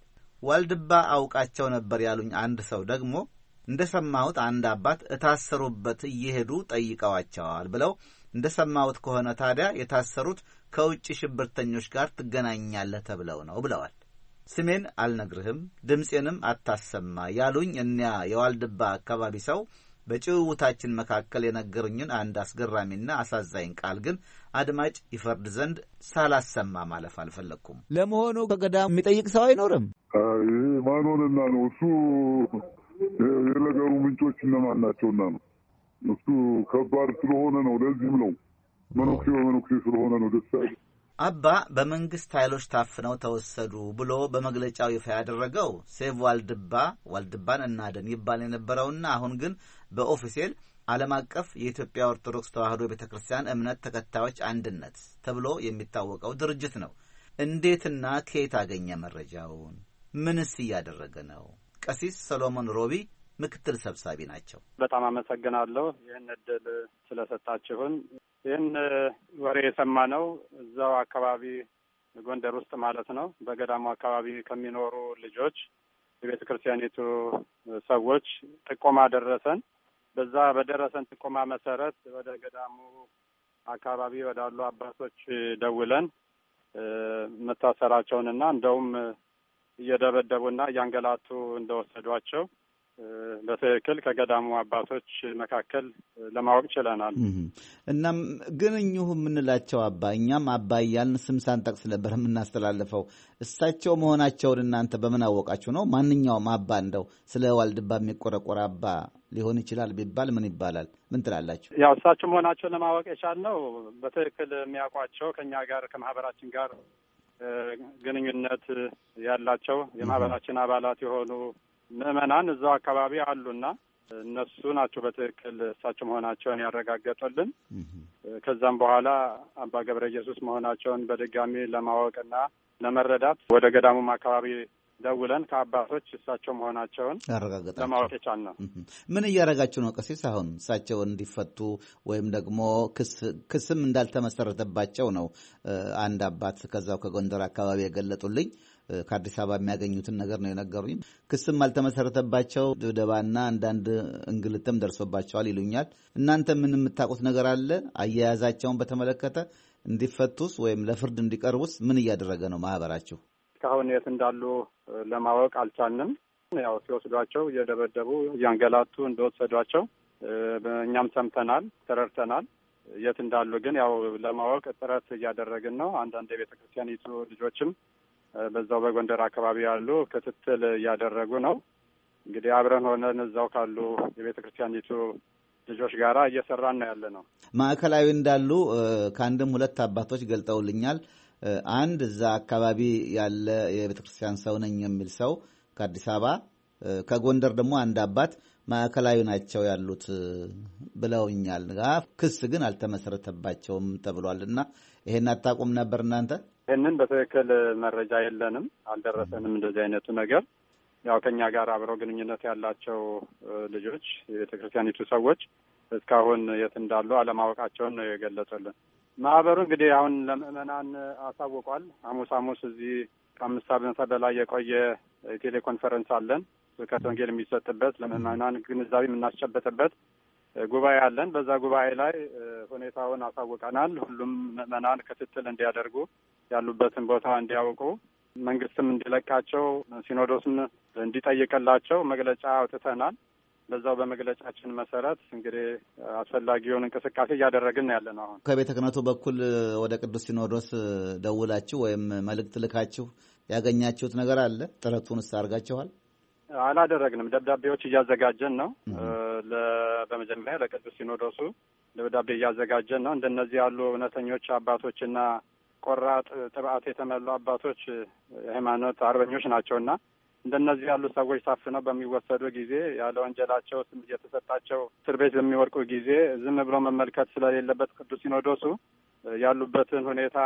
ዋልድባ አውቃቸው ነበር ያሉኝ አንድ ሰው ደግሞ እንደ ሰማሁት አንድ አባት እታሰሩበት እየሄዱ ጠይቀዋቸዋል ብለው እንደ ሰማሁት ከሆነ ታዲያ የታሰሩት ከውጭ ሽብርተኞች ጋር ትገናኛለህ ተብለው ነው ብለዋል። ስሜን አልነግርህም ድምፄንም አታሰማ ያሉኝ እኒያ የዋልድባ አካባቢ ሰው በጭውውታችን መካከል የነገሩኝን አንድ አስገራሚና አሳዛኝ ቃል ግን አድማጭ ይፈርድ ዘንድ ሳላሰማ ማለፍ አልፈለግኩም። ለመሆኑ ከገዳም የሚጠይቅ ሰው አይኖርም? ማንሆንና ነው እሱ የነገሩ ምንጮች እነማን ናቸውና ነው እሱ ከባድ ስለሆነ ነው። ለዚህም ነው መነኩሴ በመነኩሴ ስለሆነ ነው ደስ አባ በመንግስት ኃይሎች ታፍነው ተወሰዱ ብሎ በመግለጫው ይፋ ያደረገው ሴቭ ዋልድባ ዋልድባን እናደን ይባል የነበረውና አሁን ግን በኦፊሴል ዓለም አቀፍ የኢትዮጵያ ኦርቶዶክስ ተዋሕዶ ቤተ ክርስቲያን እምነት ተከታዮች አንድነት ተብሎ የሚታወቀው ድርጅት ነው። እንዴትና ከየት አገኘ መረጃውን? ምንስ እያደረገ ነው? ቀሲስ ሰሎሞን ሮቢ ምክትል ሰብሳቢ ናቸው። በጣም አመሰግናለሁ ይህን እድል ስለሰጣችሁን። ይህን ወሬ የሰማ ነው እዛው አካባቢ ጎንደር ውስጥ ማለት ነው በገዳሙ አካባቢ ከሚኖሩ ልጆች የቤተ ክርስቲያኒቱ ሰዎች ጥቆማ ደረሰን። በዛ በደረሰን ጥቆማ መሰረት ወደ ገዳሙ አካባቢ ወዳሉ አባቶች ደውለን መታሰራቸውንና እንደውም እየደበደቡና እያንገላቱ እንደወሰዷቸው በትክክል ከገዳሙ አባቶች መካከል ለማወቅ ችለናል። እናም ግን እኚሁ የምንላቸው አባ እኛም አባ እያልን ስም ሳንጠቅስ ነበር የምናስተላልፈው። እሳቸው መሆናቸውን እናንተ በምን አወቃችሁ ነው? ማንኛውም አባ እንደው ስለ ዋልድባ የሚቆረቆር አባ ሊሆን ይችላል ቢባል ምን ይባላል? ምን ትላላችሁ? ያው እሳቸው መሆናቸውን ለማወቅ የቻልነው በትክክል የሚያውቋቸው ከኛ ጋር ከማህበራችን ጋር ግንኙነት ያላቸው የማህበራችን አባላት የሆኑ ምዕመናን እዛው አካባቢ አሉና እነሱ ናቸው በትክክል እሳቸው መሆናቸውን ያረጋገጡልን። ከዛም በኋላ አባ ገብረ ኢየሱስ መሆናቸውን በድጋሚ ለማወቅና ለመረዳት ወደ ገዳሙም አካባቢ ደውለን ከአባቶች እሳቸው መሆናቸውን ለማወቅ ለማወቅ ነው። ምን እያደረጋችሁ ነው ቀሲስ? አሁን እሳቸው እንዲፈቱ ወይም ደግሞ ክስም እንዳልተመሰረተባቸው ነው አንድ አባት ከዛው ከጎንደር አካባቢ የገለጡልኝ። ከአዲስ አበባ የሚያገኙትን ነገር ነው የነገሩኝ። ክስም አልተመሰረተባቸው ድብደባና አንዳንድ እንግልትም ደርሶባቸዋል ይሉኛል። እናንተ ምን የምታውቁት ነገር አለ? አያያዛቸውን በተመለከተ እንዲፈቱስ ወይም ለፍርድ እንዲቀርቡስ ምን እያደረገ ነው ማህበራችሁ? እስካሁን የት እንዳሉ ለማወቅ አልቻልንም። ያው ሲወስዷቸው እየደበደቡ እያንገላቱ እንደወሰዷቸው እኛም ሰምተናል፣ ተረድተናል። የት እንዳሉ ግን ያው ለማወቅ ጥረት እያደረግን ነው። አንዳንድ የቤተ ክርስቲያን ልጆችም በዛው በጎንደር አካባቢ ያሉ ክትትል እያደረጉ ነው። እንግዲህ አብረን ሆነን እዛው ካሉ የቤተ ክርስቲያኒቱ ልጆች ጋር እየሰራን ነው ያለ ነው። ማዕከላዊ እንዳሉ ከአንድም ሁለት አባቶች ገልጠውልኛል። አንድ እዛ አካባቢ ያለ የቤተ ክርስቲያን ሰው ነኝ የሚል ሰው ከአዲስ አበባ ከጎንደር ደግሞ አንድ አባት ማዕከላዊ ናቸው ያሉት ብለውኛል። ክስ ግን አልተመሰረተባቸውም ተብሏል። እና ይሄን አታውቁም ነበር እናንተ? ይህንን በትክክል መረጃ የለንም፣ አልደረሰንም እንደዚህ አይነቱ ነገር። ያው ከኛ ጋር አብረው ግንኙነት ያላቸው ልጆች የቤተክርስቲያኒቱ ሰዎች እስካሁን የት እንዳሉ አለማወቃቸውን ነው የገለጸልን። ማህበሩ እንግዲህ አሁን ለምእመናን አሳውቋል። ሐሙስ ሐሙስ እዚህ ከአምስት ዓመት በላይ የቆየ ቴሌኮንፈረንስ አለን ስብከተ ወንጌል የሚሰጥበት ለምእመናን ግንዛቤ የምናስጨበጥበት ጉባኤ አለን። በዛ ጉባኤ ላይ ሁኔታውን አሳውቀናል። ሁሉም ምዕመናን ክትትል እንዲያደርጉ፣ ያሉበትን ቦታ እንዲያውቁ፣ መንግስትም እንዲለቃቸው፣ ሲኖዶስም እንዲጠይቅላቸው መግለጫ አውጥተናል። በዛው በመግለጫችን መሰረት እንግዲህ አስፈላጊውን እንቅስቃሴ እያደረግን ያለ ነው። አሁን ከቤተ ክህነቱ በኩል ወደ ቅዱስ ሲኖዶስ ደውላችሁ ወይም መልእክት ልካችሁ ያገኛችሁት ነገር አለ? ጥረቱን አድርጋችኋል? አላደረግንም። ደብዳቤዎች እያዘጋጀን ነው። በመጀመሪያ ለቅዱስ ሲኖዶሱ ደብዳቤ እያዘጋጀን ነው። እንደነዚህ ያሉ እውነተኞች አባቶችና ቆራጥ ትብአት የተሞሉ አባቶች የሃይማኖት አርበኞች ናቸውና እንደነዚህ ያሉ ሰዎች ታፍነው በሚወሰዱ ጊዜ ያለ ወንጀላቸው ስም እየተሰጣቸው እስር ቤት በሚወድቁ ጊዜ ዝም ብሎ መመልከት ስለሌለበት ቅዱስ ሲኖዶሱ ያሉበትን ሁኔታ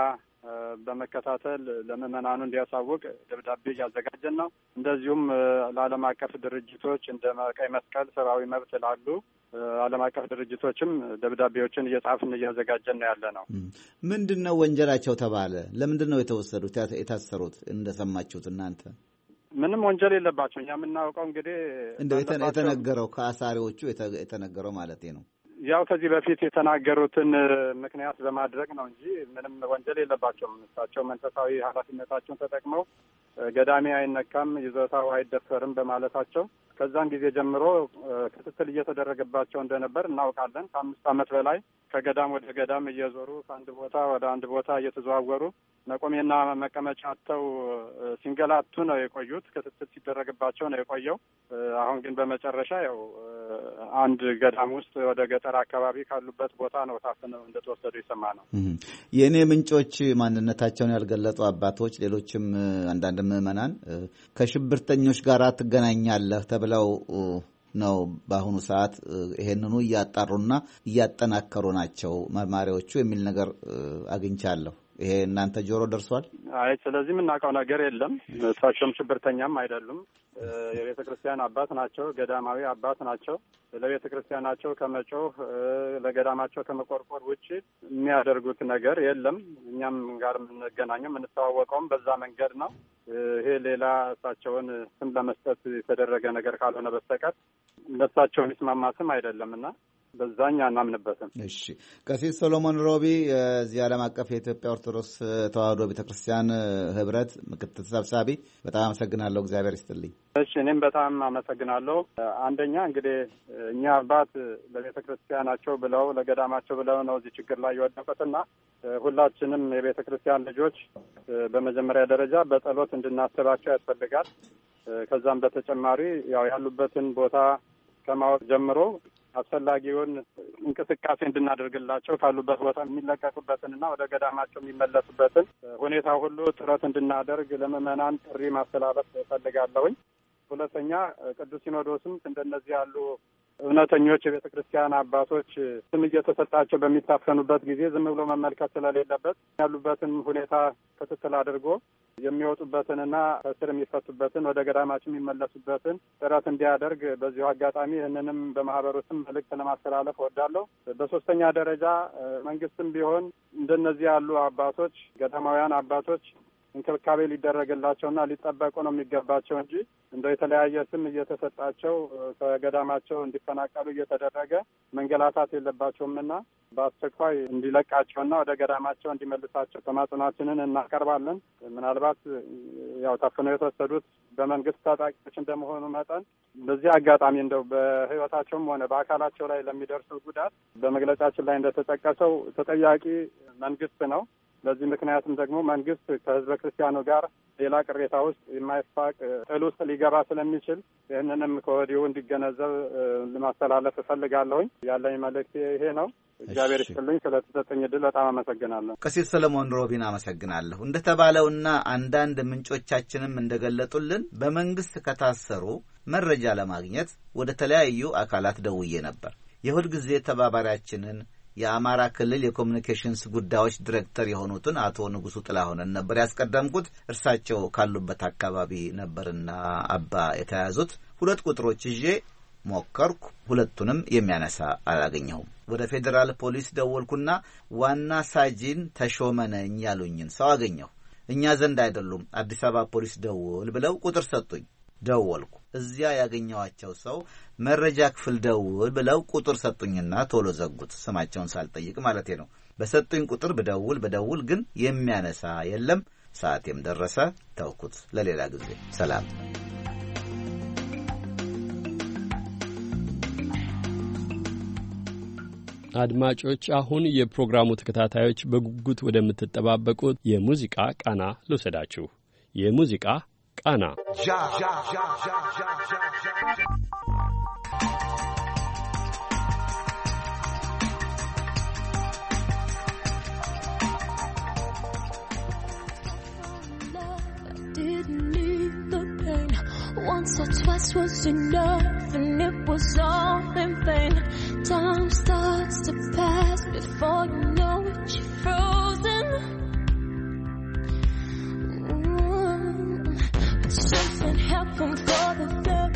በመከታተል ለምዕመናኑ እንዲያሳውቅ ደብዳቤ እያዘጋጀን ነው። እንደዚሁም ለዓለም አቀፍ ድርጅቶች እንደ ቀይ መስቀል ሰብአዊ መብት ላሉ ዓለም አቀፍ ድርጅቶችም ደብዳቤዎችን እየጻፍን እያዘጋጀን ነው ያለ ነው። ምንድን ነው ወንጀላቸው ተባለ? ለምንድን ነው የተወሰዱት የታሰሩት? እንደሰማችሁት እናንተ ምንም ወንጀል የለባቸው። እኛ የምናውቀው እንግዲህ እንደ የተነገረው ከአሳሪዎቹ የተነገረው ማለት ነው ያው ከዚህ በፊት የተናገሩትን ምክንያት በማድረግ ነው እንጂ ምንም ወንጀል የለባቸውም። እሳቸው መንፈሳዊ ኃላፊነታቸውን ተጠቅመው ገዳሜ አይነካም፣ ይዞታው አይደፈርም በማለታቸው ከዛን ጊዜ ጀምሮ ክትትል እየተደረገባቸው እንደነበር እናውቃለን። ከአምስት ዓመት በላይ ከገዳም ወደ ገዳም እየዞሩ ከአንድ ቦታ ወደ አንድ ቦታ እየተዘዋወሩ መቆሜና መቀመጫቸው ሲንገላቱ ነው የቆዩት። ክትትል ሲደረግባቸው ነው የቆየው። አሁን ግን በመጨረሻ ያው አንድ ገዳም ውስጥ ወደ ገጠ ገጠር አካባቢ ካሉበት ቦታ ነው ታፍነው እንደተወሰዱ የሰማ ነው። የእኔ ምንጮች ማንነታቸውን ያልገለጹ አባቶች፣ ሌሎችም አንዳንድ ምዕመናን ከሽብርተኞች ጋር ትገናኛለህ ተብለው ነው በአሁኑ ሰዓት ይሄንኑ እያጣሩና እያጠናከሩ ናቸው መርማሪዎቹ የሚል ነገር አግኝቻለሁ። ይሄ እናንተ ጆሮ ደርሷል? አይ ስለዚህ የምናውቀው ነገር የለም። እሳቸውም ሽብርተኛም አይደሉም። የቤተ ክርስቲያን አባት ናቸው። ገዳማዊ አባት ናቸው። ለቤተ ክርስቲያናቸው ከመጮህ ለገዳማቸው ከመቆርቆር ውጭ የሚያደርጉት ነገር የለም። እኛም ጋር የምንገናኘው የምንተዋወቀውም በዛ መንገድ ነው። ይሄ ሌላ እሳቸውን ስም ለመስጠት የተደረገ ነገር ካልሆነ በስተቀር ለእሳቸው የሚስማማ ስም አይደለም እና በዛኛ አናምንበትም እሺ ቀሲስ ሶሎሞን ሮቢ እዚህ ዓለም አቀፍ የኢትዮጵያ ኦርቶዶክስ ተዋህዶ ቤተክርስቲያን ህብረት ምክትል ሰብሳቢ፣ በጣም አመሰግናለሁ። እግዚአብሔር ይስጥልኝ። እሺ እኔም በጣም አመሰግናለሁ። አንደኛ እንግዲህ እኛ አባት ለቤተ ክርስቲያናቸው ብለው ለገዳማቸው ብለው ነው እዚህ ችግር ላይ የወደቁትና ሁላችንም የቤተ ክርስቲያን ልጆች በመጀመሪያ ደረጃ በጸሎት እንድናስባቸው ያስፈልጋል። ከዛም በተጨማሪ ያው ያሉበትን ቦታ ከማወቅ ጀምሮ አስፈላጊውን እንቅስቃሴ እንድናደርግላቸው ካሉበት ቦታ የሚለቀቁበትንና ወደ ገዳማቸው የሚመለሱበትን ሁኔታ ሁሉ ጥረት እንድናደርግ ለምዕመናን ጥሪ ማስተላለፍ እፈልጋለሁኝ። ሁለተኛ ቅዱስ ሲኖዶስም እንደነዚህ ያሉ እውነተኞች የቤተ ክርስቲያን አባቶች ስም እየተሰጣቸው በሚታፈኑበት ጊዜ ዝም ብሎ መመልከት ስለሌለበት ያሉበትን ሁኔታ ክትትል አድርጎ የሚወጡበትንና ከስር የሚፈቱበትን ወደ ገዳማችን የሚመለሱበትን ጥረት እንዲያደርግ በዚሁ አጋጣሚ ይህንንም በማህበሩ ስም መልእክት ለማስተላለፍ እወዳለሁ። በሶስተኛ ደረጃ መንግስትም ቢሆን እንደነዚህ ያሉ አባቶች ገዳማውያን አባቶች እንክብካቤ ሊደረግላቸውና ሊጠበቁ ነው የሚገባቸው እንጂ እንደ የተለያየ ስም እየተሰጣቸው ከገዳማቸው እንዲፈናቀሉ እየተደረገ መንገላታት የለባቸውምና በአስቸኳይ እንዲለቃቸውና ወደ ገዳማቸው እንዲመልሳቸው ተማጽናችንን እናቀርባለን። ምናልባት ያው ታፍነው የተወሰዱት በመንግስት ታጣቂዎች እንደመሆኑ መጠን በዚህ አጋጣሚ እንደው በሕይወታቸውም ሆነ በአካላቸው ላይ ለሚደርሰው ጉዳት በመግለጫችን ላይ እንደተጠቀሰው ተጠያቂ መንግስት ነው። በዚህ ምክንያትም ደግሞ መንግስት ከህዝበ ክርስቲያኑ ጋር ሌላ ቅሬታ ውስጥ የማይፋቅ ጥል ውስጥ ሊገባ ስለሚችል ይህንንም ከወዲሁ እንዲገነዘብ ለማስተላለፍ እፈልጋለሁኝ። ያለኝ መልእክት ይሄ ነው። እግዚአብሔር ይስጥልኝ። ስለተሰጠኝ እድል በጣም አመሰግናለሁ። ቀሲስ ሰለሞን ሮቢን አመሰግናለሁ። እንደተባለውና አንዳንድ ምንጮቻችንም እንደገለጡልን በመንግስት ከታሰሩ መረጃ ለማግኘት ወደ ተለያዩ አካላት ደውዬ ነበር። የሁል ጊዜ ተባባሪያችንን የአማራ ክልል የኮሚኒኬሽንስ ጉዳዮች ዲሬክተር የሆኑትን አቶ ንጉሱ ጥላሁንን ነበር ያስቀደምኩት። እርሳቸው ካሉበት አካባቢ ነበርና አባ የተያዙት ሁለት ቁጥሮች ይዤ ሞከርኩ። ሁለቱንም የሚያነሳ አላገኘሁም። ወደ ፌዴራል ፖሊስ ደወልኩና ዋና ሳጂን ተሾመነኝ ያሉኝን ሰው አገኘሁ። እኛ ዘንድ አይደሉም፣ አዲስ አበባ ፖሊስ ደውል ብለው ቁጥር ሰጡኝ። ደወልኩ። እዚያ ያገኘኋቸው ሰው መረጃ ክፍል ደውል ብለው ቁጥር ሰጡኝና ቶሎ ዘጉት። ስማቸውን ሳልጠይቅ ማለቴ ነው። በሰጡኝ ቁጥር ብደውል ብደውል ግን የሚያነሳ የለም። ሰዓቴም ደረሰ፣ ተውኩት። ለሌላ ጊዜ ሰላም። አድማጮች፣ አሁን የፕሮግራሙ ተከታታዮች በጉጉት ወደምትጠባበቁት የሙዚቃ ቃና ልውሰዳችሁ። የሙዚቃ ቃና Once or twice was enough, and it was all in vain. Time starts to pass before you know it, you're frozen. help them for the third.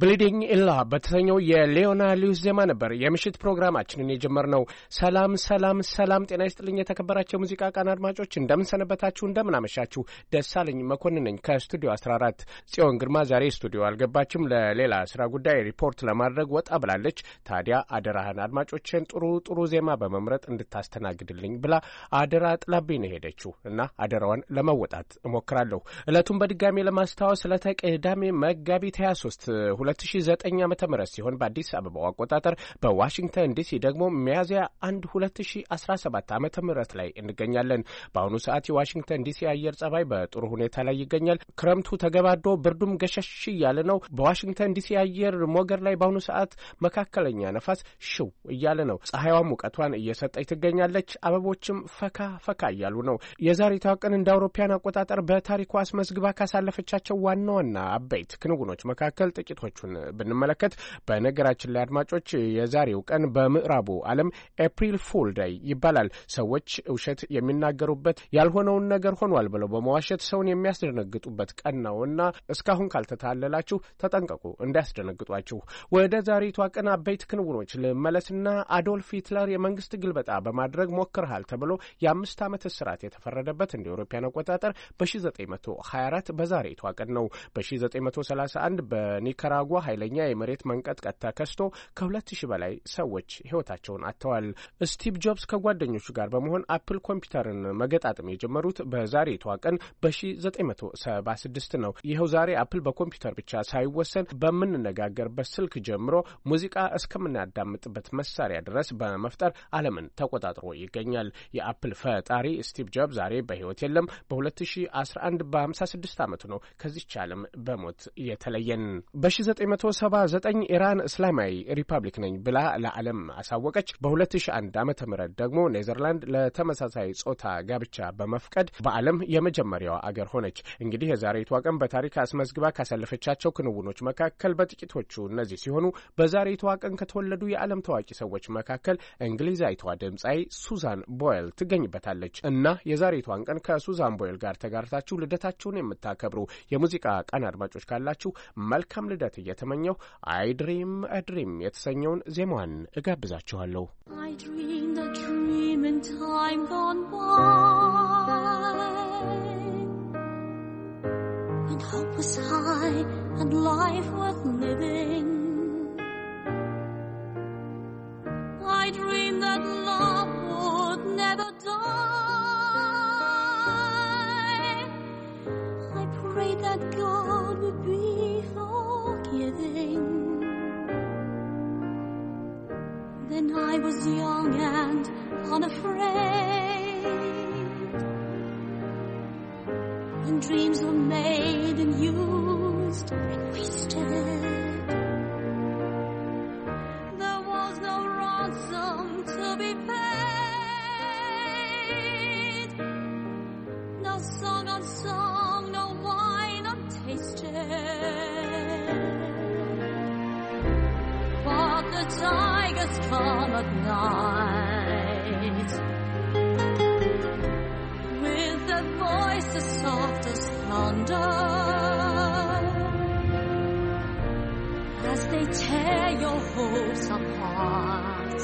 ብሊዲንግ ኢላ በተሰኘው የሌዮና ሊዩስ ዜማ ነበር የምሽት ፕሮግራማችንን የጀመርነው። ሰላም ሰላም ሰላም፣ ጤና ይስጥልኝ የተከበራቸው የሙዚቃ ቃን አድማጮች እንደምንሰነበታችሁ፣ እንደምናመሻችሁ። ደሳለኝ መኮንን ነኝ ከስቱዲዮ 14 ጽዮን ግርማ ዛሬ ስቱዲዮ አልገባችም። ለሌላ ስራ ጉዳይ ሪፖርት ለማድረግ ወጣ ብላለች። ታዲያ አደራህን አድማጮችን ጥሩ ጥሩ ዜማ በመምረጥ እንድታስተናግድልኝ ብላ አደራ ጥላብኝ ነው ሄደችው እና አደራዋን ለመወጣት እሞክራለሁ። እለቱን በድጋሜ ለማስታወስ ዕለተ መጋቢት 23 2009 ዓ ም ሲሆን በአዲስ አበባው አቆጣጠር በዋሽንግተን ዲሲ ደግሞ ሚያዝያ 1 2017 ዓ ም ላይ እንገኛለን። በአሁኑ ሰዓት የዋሽንግተን ዲሲ አየር ጸባይ በጥሩ ሁኔታ ላይ ይገኛል። ክረምቱ ተገባዶ ብርዱም ገሸሽ እያለ ነው። በዋሽንግተን ዲሲ አየር ሞገድ ላይ በአሁኑ ሰዓት መካከለኛ ነፋስ ሽው እያለ ነው። ፀሐይዋ ሙቀቷን እየሰጠች ትገኛለች። አበቦችም ፈካ ፈካ እያሉ ነው። የዛሬቷ ቀን እንደ አውሮፓያን አቆጣጠር በታሪኳ አስመዝግባ ካሳለፈቻቸው ዋና ዋና አበይት ክንውኖች መካከል ጥቂቶቹ ውጤቶቹን ብንመለከት በነገራችን ላይ አድማጮች የዛሬው ቀን በምዕራቡ ዓለም ኤፕሪል ፉል ዳይ ይባላል። ሰዎች ውሸት የሚናገሩበት ያልሆነውን ነገር ሆኗል ብለው በመዋሸት ሰውን የሚያስደነግጡበት ቀን እና እስካሁን ካልተታለላችሁ ተጠንቀቁ፣ እንዳያስደነግጧችሁ። ወደ ዛሬቷ ቀን አበይት ክንውኖች ልመለስና አዶልፍ ሂትለር የመንግስት ግልበጣ በማድረግ ሞክርሃል ተብሎ የአምስት ዓመት እስራት የተፈረደበት እንደ አውሮፓውያን አቆጣጠር በ1924 በዛሬቷ ቀን ነው። በ1931 በኒካራጓ በተደረጉ ኃይለኛ የመሬት መንቀጥቀጥ ተከስቶ ከ ሺህ በላይ ሰዎች ሕይወታቸውን አጥተዋል። ስቲቭ ጆብስ ከጓደኞቹ ጋር በመሆን አፕል ኮምፒውተርን መገጣጠም የጀመሩት በዛሬቷ ቀን በ1976 ነው። ይኸው ዛሬ አፕል በኮምፒውተር ብቻ ሳይወሰን በምንነጋገርበት ስልክ ጀምሮ ሙዚቃ እስከምናዳምጥበት መሳሪያ ድረስ በመፍጠር ዓለምን ተቆጣጥሮ ይገኛል። የአፕል ፈጣሪ ስቲቭ ጆብ ዛሬ በሕይወት የለም። በ2011 በ56 ዓመቱ ነው ከዚች ዓለም በሞት የተለየን። 1979 ኢራን እስላማዊ ሪፐብሊክ ነኝ ብላ ለዓለም አሳወቀች። በ2001 ዓ ም ደግሞ ኔዘርላንድ ለተመሳሳይ ጾታ ጋብቻ በመፍቀድ በዓለም የመጀመሪያዋ አገር ሆነች። እንግዲህ የዛሬቷ ቀን በታሪክ አስመዝግባ ካሳለፈቻቸው ክንውኖች መካከል በጥቂቶቹ እነዚህ ሲሆኑ በዛሬቷ ቀን ከተወለዱ የዓለም ታዋቂ ሰዎች መካከል እንግሊዛዊቷ ድምፃዊ ሱዛን ቦይል ትገኝበታለች እና የዛሬቷን ቀን ከሱዛን ቦይል ጋር ተጋርታችሁ ልደታችሁን የምታከብሩ የሙዚቃ ቀን አድማጮች ካላችሁ መልካም ልደት እየተመኘሁ አይ ድሪም ድሪም የተሰኘውን ዜማዋን እጋብዛችኋለሁ። I dreamed that love would never die. when I was young and unafraid. When dreams were made and used and wasted. There was no ransom to be paid. No song unsung, no wine untasted. But the time tigers come at night. With a voice as soft as thunder, as they tear your hopes apart.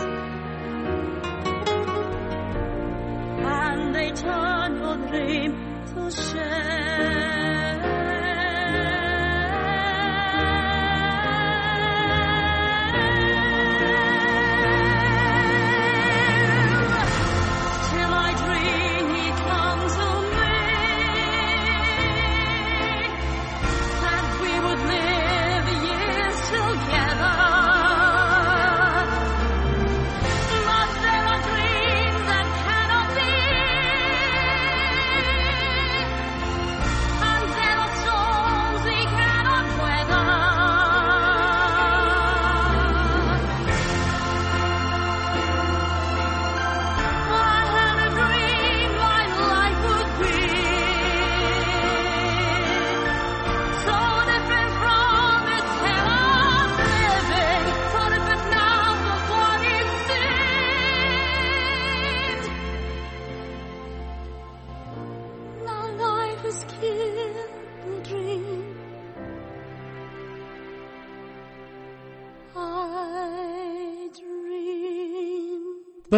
And they turn your dream to shame.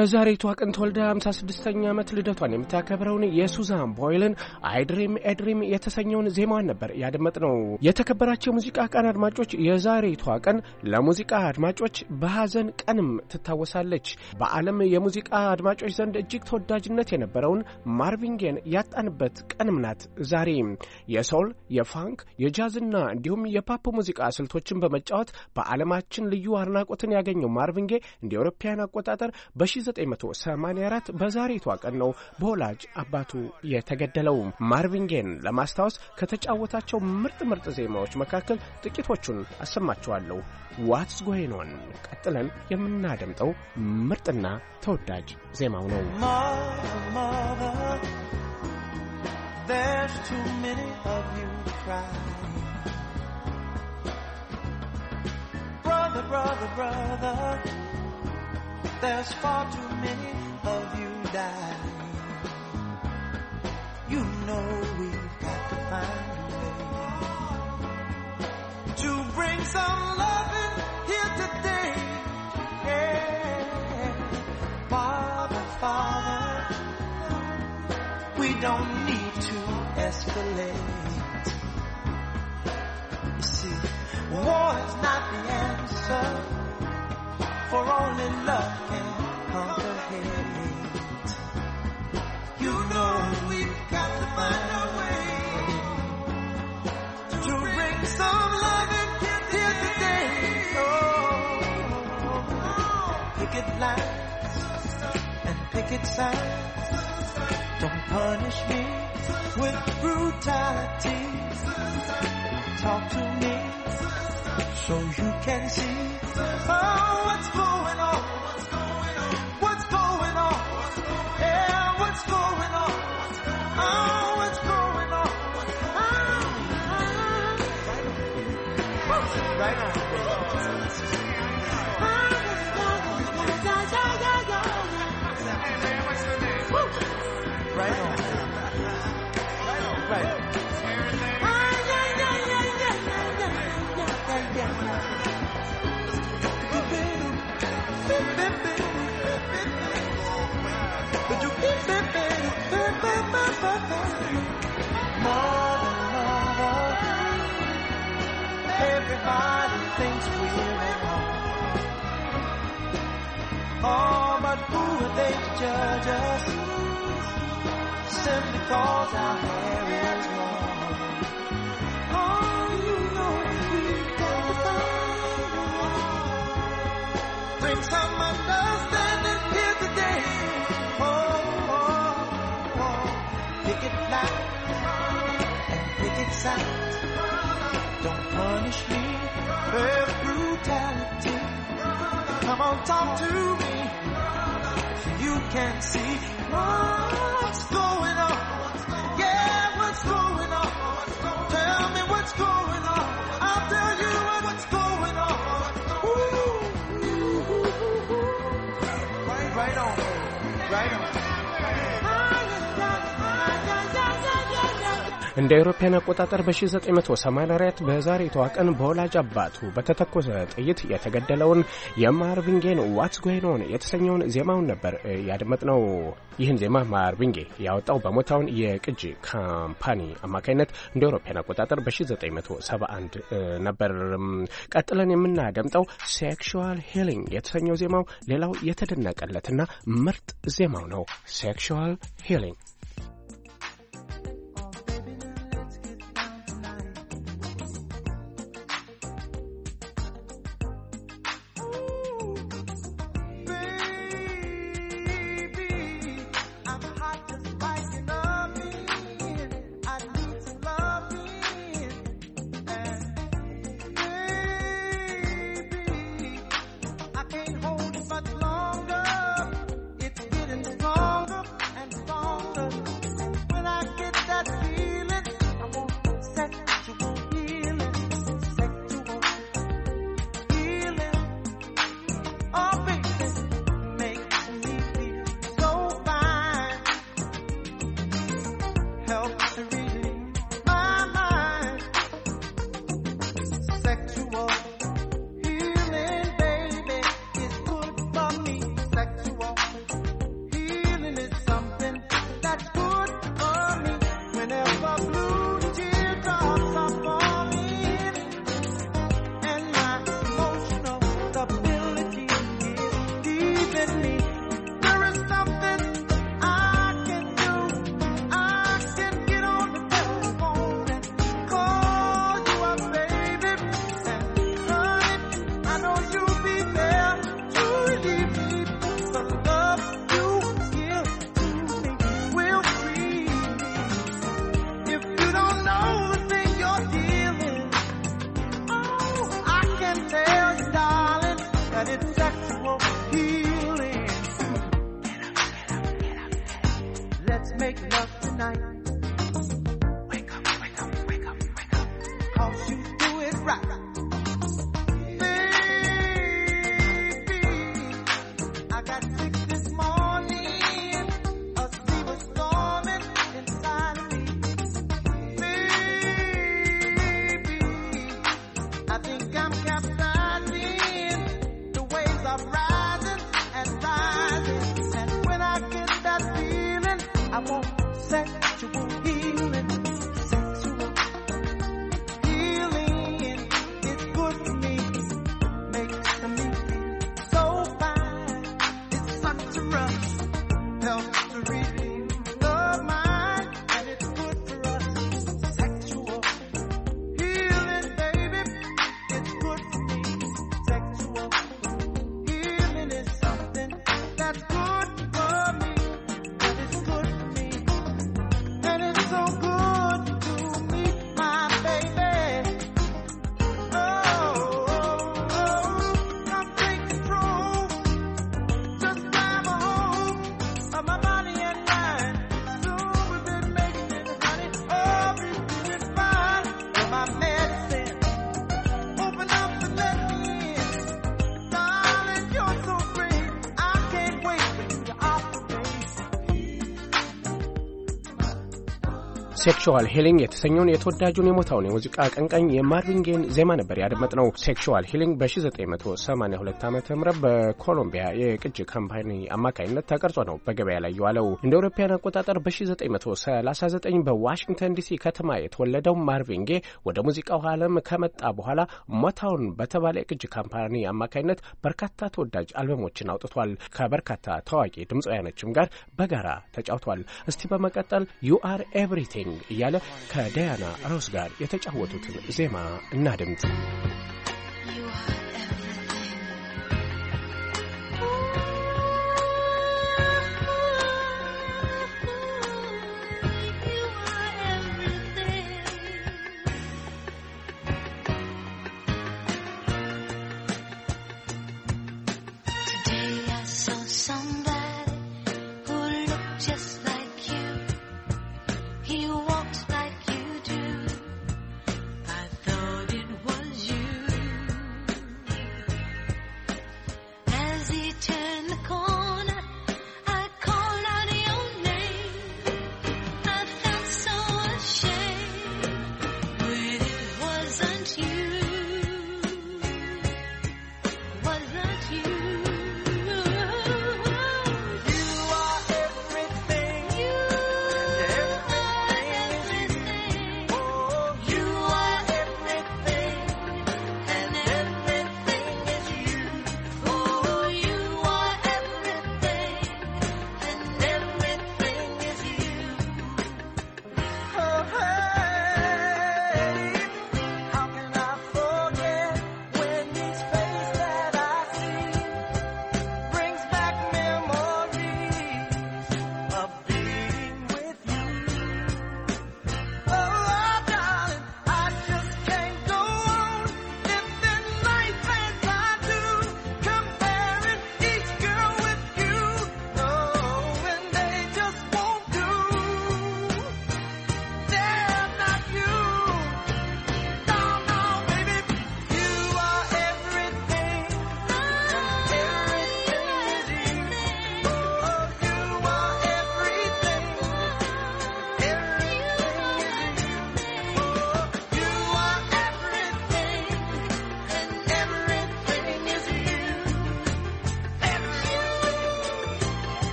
በዛሬቱ ቀን ተወልዳ 56ኛ ዓመት ልደቷን የምታከብረውን የሱዛን ቦይልን አይድሪም ኤድሪም የተሰኘውን ዜማዋን ነበር ያደመጥነው። የተከበራቸው የሙዚቃ ቀን አድማጮች፣ የዛሬቷ ቀን ለሙዚቃ አድማጮች በሐዘን ቀንም ትታወሳለች። በዓለም የሙዚቃ አድማጮች ዘንድ እጅግ ተወዳጅነት የነበረውን ማርቪንጌን ያጣንበት ቀንም ናት ዛሬ። የሶል የፋንክ የጃዝና እንዲሁም የፓፕ ሙዚቃ ስልቶችን በመጫወት በዓለማችን ልዩ አድናቆትን ያገኘው ማርቪንጌ እንደ አውሮፓውያን አቆጣጠር በሺ 1984 በዛሬቷ ቀን ነው በወላጅ አባቱ የተገደለው። ማርቪንጌን ለማስታወስ ከተጫወታቸው ምርጥ ምርጥ ዜማዎች መካከል ጥቂቶቹን አሰማችኋለሁ። ዋትስ ጎሄኖን ቀጥለን የምናደምጠው ምርጥና ተወዳጅ ዜማው ነው። There's too many of you crying. Brother, brother, brother. There's far too many of you dying. You know we've got to find a way to bring some loving here today. Yeah. Father, Father, we don't need to escalate. You see, war is not the answer. For only love can conquer hate. You know we've got to find a way to bring some love and get here today. Oh, picket lines and picket signs. Don't punish me with brutality. Talk to me so you can see oh, what's going on. What's going on? Yeah, what's going on? Oh, what's going on? Ah, ah, ah. right now. Right everybody thinks we're wrong. Oh, but who are they to judge us? Simply cause our hair is long. Oh, you know we've got to find Bring some understanding here today. Oh, oh, oh. Pick it black and pick it sound punish me with brutality. Come on, talk to me. You can see what's going on. Yeah, what's going on. እንደ አውሮፓውያን አቆጣጠር በ1984 በዛሬቷ ቀን በወላጅ አባቱ በተተኮሰ ጥይት የተገደለውን የማርቪን ጌን ዋትስ ጎይን ኦን የተሰኘውን ዜማውን ነበር ያደመጥ ነው። ይህን ዜማ ማርቪን ጌ ያወጣው በሞታውን የቅጂ ካምፓኒ አማካኝነት እንደ አውሮፓውያን አቆጣጠር በ1971 ነበር። ቀጥለን የምናደምጠው ሴክሹዋል ሂሊንግ የተሰኘው ዜማው ሌላው የተደነቀለትና ምርጥ ዜማው ነው። ሴክሹዋል ሂሊንግ rap. ሴክሹዋል ሂሊንግ የተሰኘውን የተወዳጁን የሞታውን የሙዚቃ አቀንቃኝ የማርቪንጌን ዜማ ነበር ያደመጥ ነው። ሴክሹዋል ሂሊንግ በ1982 ዓ ም በኮሎምቢያ የቅጅ ካምፓኒ አማካኝነት ተቀርጾ ነው በገበያ ላይ የዋለው። እንደ አውሮፓውያን አቆጣጠር በ1939 በዋሽንግተን ዲሲ ከተማ የተወለደው ማርቪንጌ ወደ ሙዚቃው ዓለም ከመጣ በኋላ ሞታውን በተባለ የቅጅ ካምፓኒ አማካኝነት በርካታ ተወዳጅ አልበሞችን አውጥቷል። ከበርካታ ታዋቂ ድምፃውያኖችም ጋር በጋራ ተጫውቷል። እስቲ በመቀጠል ዩአር አር ኤቭሪቲንግ እያለ ከዳያና ሮስ ጋር የተጫወቱትን ዜማ እናድምጥ።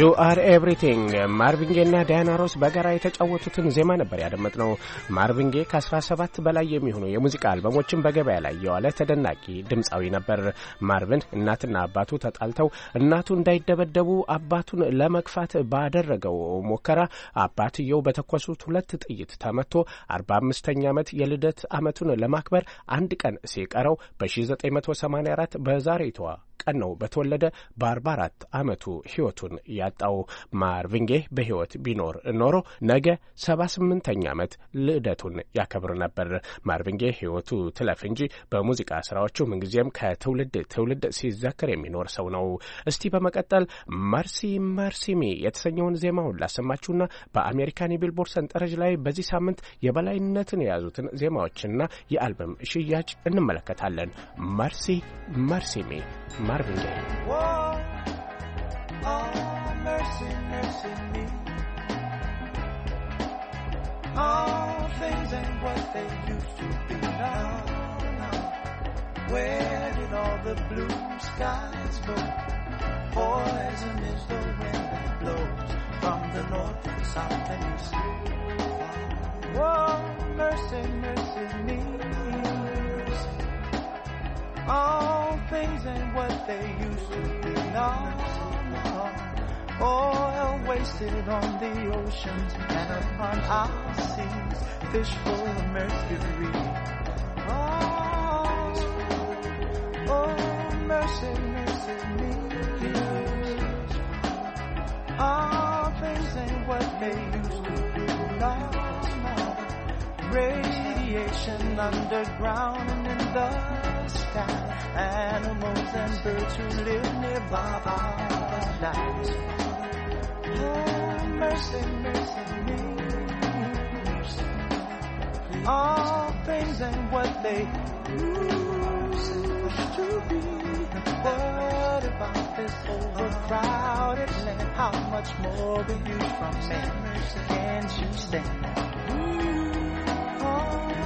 ዩ አር ኤቭሪቲንግ ማርቪንጌና ዳያና ሮስ በጋራ የተጫወቱትን ዜማ ነበር ያደመጥነው። ማርቪንጌ ከ17 በላይ የሚሆኑ የሙዚቃ አልበሞችን በገበያ ላይ የዋለ ተደናቂ ድምፃዊ ነበር። ማርቪን እናትና አባቱ ተጣልተው እናቱ እንዳይደበደቡ አባቱን ለመግፋት ባደረገው ሙከራ አባትየው በተኮሱት ሁለት ጥይት ተመቶ 45ኛ ዓመት የልደት ዓመቱን ለማክበር አንድ ቀን ሲቀረው በ1984 በዛሬቷ ቀን ነው በተወለደ በ44 ዓመቱ ሕይወቱን ያ ያጣው ማርቪንጌ በህይወት ቢኖር ኖሮ ነገ ሰባ ስምንተኛ ዓመት ልዕደቱን ያከብር ነበር። ማርቪንጌ ህይወቱ ትለፍ እንጂ በሙዚቃ ስራዎቹ ምንጊዜም ከትውልድ ትውልድ ሲዘክር የሚኖር ሰው ነው። እስቲ በመቀጠል ማርሲ ማርሲሚ ሚ የተሰኘውን ዜማውን ላሰማችሁና በአሜሪካን የቢልቦርድ ሰንጠረዥ ላይ በዚህ ሳምንት የበላይነትን የያዙትን ዜማዎችና የአልበም ሽያጭ እንመለከታለን። ማርሲ ማርሲ ሚ ማርቪንጌ mercy, mercy me. All things ain't what they used to be now. now. Where did all the blue skies go? Poison is the wind that blows from the north, south, and east. Oh, mercy, mercy me. All things ain't what they used to be now. Oil wasted on the oceans and upon our seas, fish full of mercury. Oh, oh, mercy, mercy me. Our things ain't what they used to be. No, no. Radiation underground and in the sky. Animals and birds who live nearby by night. Oh, mercy, mercy, me. All things and what they used to be. What about this overcrowded land? How much more will you from me? Can't you stand? Oh,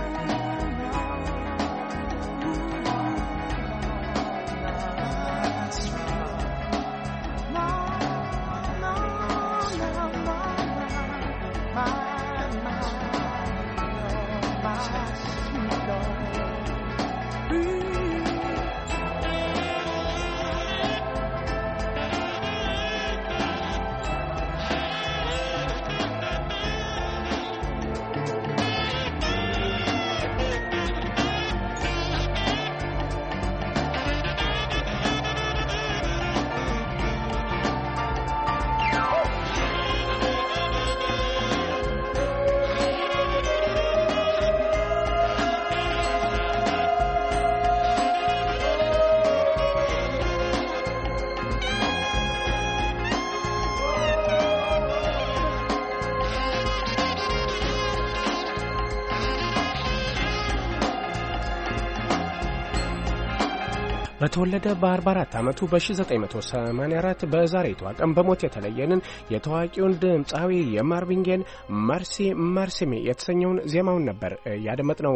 በተወለደ በ44 ዓመቱ በ1984 በዛሬቷ ቀን በሞት የተለየንን የታዋቂውን ድምፃዊ የማርቪንጌን መርሲ መርሲሚ የተሰኘውን ዜማውን ነበር እያደመጥ ነው።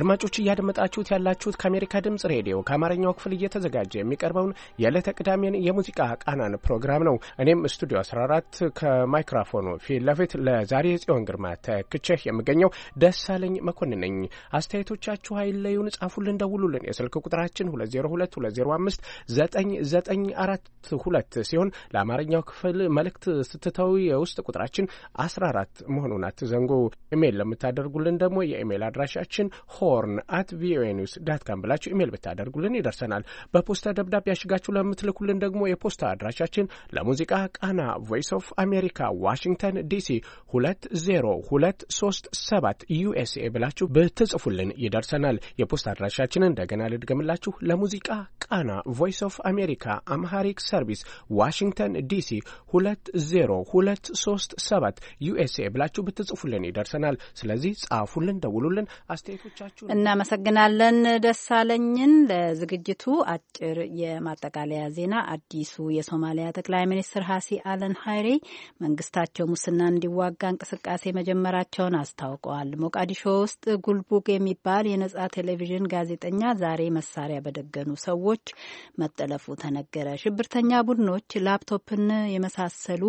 አድማጮች እያደመጣችሁት ያላችሁት ከአሜሪካ ድምፅ ሬዲዮ ከአማርኛው ክፍል እየተዘጋጀ የሚቀርበውን የዕለተ ቅዳሜን የሙዚቃ ቃናን ፕሮግራም ነው። እኔም ስቱዲዮ 14 ከማይክሮፎኑ ፊት ለፊት ለዛሬ ጽዮን ግርማ ተክቼህ የምገኘው ደሳለኝ መኮንን ነኝ። አስተያየቶቻችሁ አይለዩን፣ ጻፉልን፣ ደውሉልን። የስልክ ቁጥራችን 202 205 ሲሆን ለአማርኛው ክፍል መልእክት ስትተው የውስጥ ቁጥራችን 14 መሆኑን አትዘንጉ። ኢሜይል ለምታደርጉልን ደግሞ የኢሜይል አድራሻችን ሆርን አት ቪኦኤ ኒውስ ዳት ካም ብላችሁ ኢሜይል ብታደርጉልን ይደርሰናል። በፖስታ ደብዳቤ ያሽጋችሁ ለምትልኩልን ደግሞ የፖስታ አድራሻችን ለሙዚቃ ቃና ቮይስ ኦፍ አሜሪካ ዋሽንግተን ዲሲ 20237 ዩኤስኤ ብላችሁ ብትጽፉልን ይደርሰናል። የፖስታ አድራሻችንን እንደገና ልድገምላችሁ። ለሙዚቃ ቃና ቮይስ ኦፍ አሜሪካ አምሃሪክ ሰርቪስ ዋሽንግተን ዲሲ 20237 ዜሮ ዩኤስኤ ብላችሁ ብትጽፉልን ይደርሰናል። ስለዚህ ጻፉልን፣ ደውሉልን። አስተያየቶቻችሁ እናመሰግናለን። ደሳለኝን ለዝግጅቱ አጭር የማጠቃለያ ዜና አዲሱ የሶማሊያ ጠቅላይ ሚኒስትር ሀሲ አለን ሀይሬ መንግስታቸው ሙስና እንዲዋጋ እንቅስቃሴ መጀመራቸውን አስታውቀዋል። ሞቃዲሾ ውስጥ ጉልቡግ የሚባል የነጻ ቴሌቪዥን ጋዜጠኛ ዛሬ መሳሪያ በደገኑ ሰዎች ሰዎች መጠለፉ ተነገረ። ሽብርተኛ ቡድኖች ላፕቶፕን የመሳሰሉ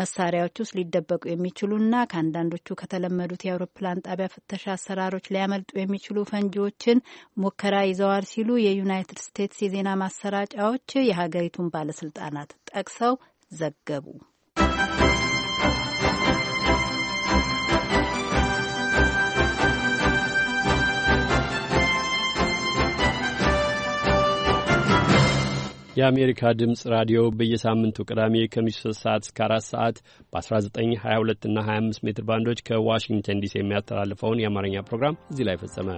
መሳሪያዎች ውስጥ ሊደበቁ የሚችሉና ከአንዳንዶቹ ከተለመዱት የአውሮፕላን ጣቢያ ፍተሻ አሰራሮች ሊያመልጡ የሚችሉ ፈንጂዎችን ሙከራ ይዘዋል ሲሉ የዩናይትድ ስቴትስ የዜና ማሰራጫዎች የሀገሪቱን ባለስልጣናት ጠቅሰው ዘገቡ። የአሜሪካ ድምፅ ራዲዮ በየሳምንቱ ቅዳሜ ከምሽቱ 3 ሰዓት እስከ 4 ሰዓት በ1922 እና 25 ሜትር ባንዶች ከዋሽንግተን ዲሲ የሚያስተላልፈውን የአማርኛ ፕሮግራም እዚህ ላይ ፈጸመ።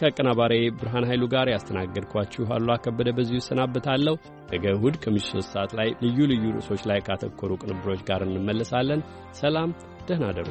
ከአቀናባሪ ብርሃን ኃይሉ ጋር ያስተናገድኳችሁ አሉ አከበደ በዚሁ እሰናበታለሁ። ነገ እሁድ ከምሽቱ 3 ሰዓት ላይ ልዩ ልዩ ርዕሶች ላይ ካተኮሩ ቅንብሮች ጋር እንመለሳለን። ሰላም፣ ደህና አደሩ።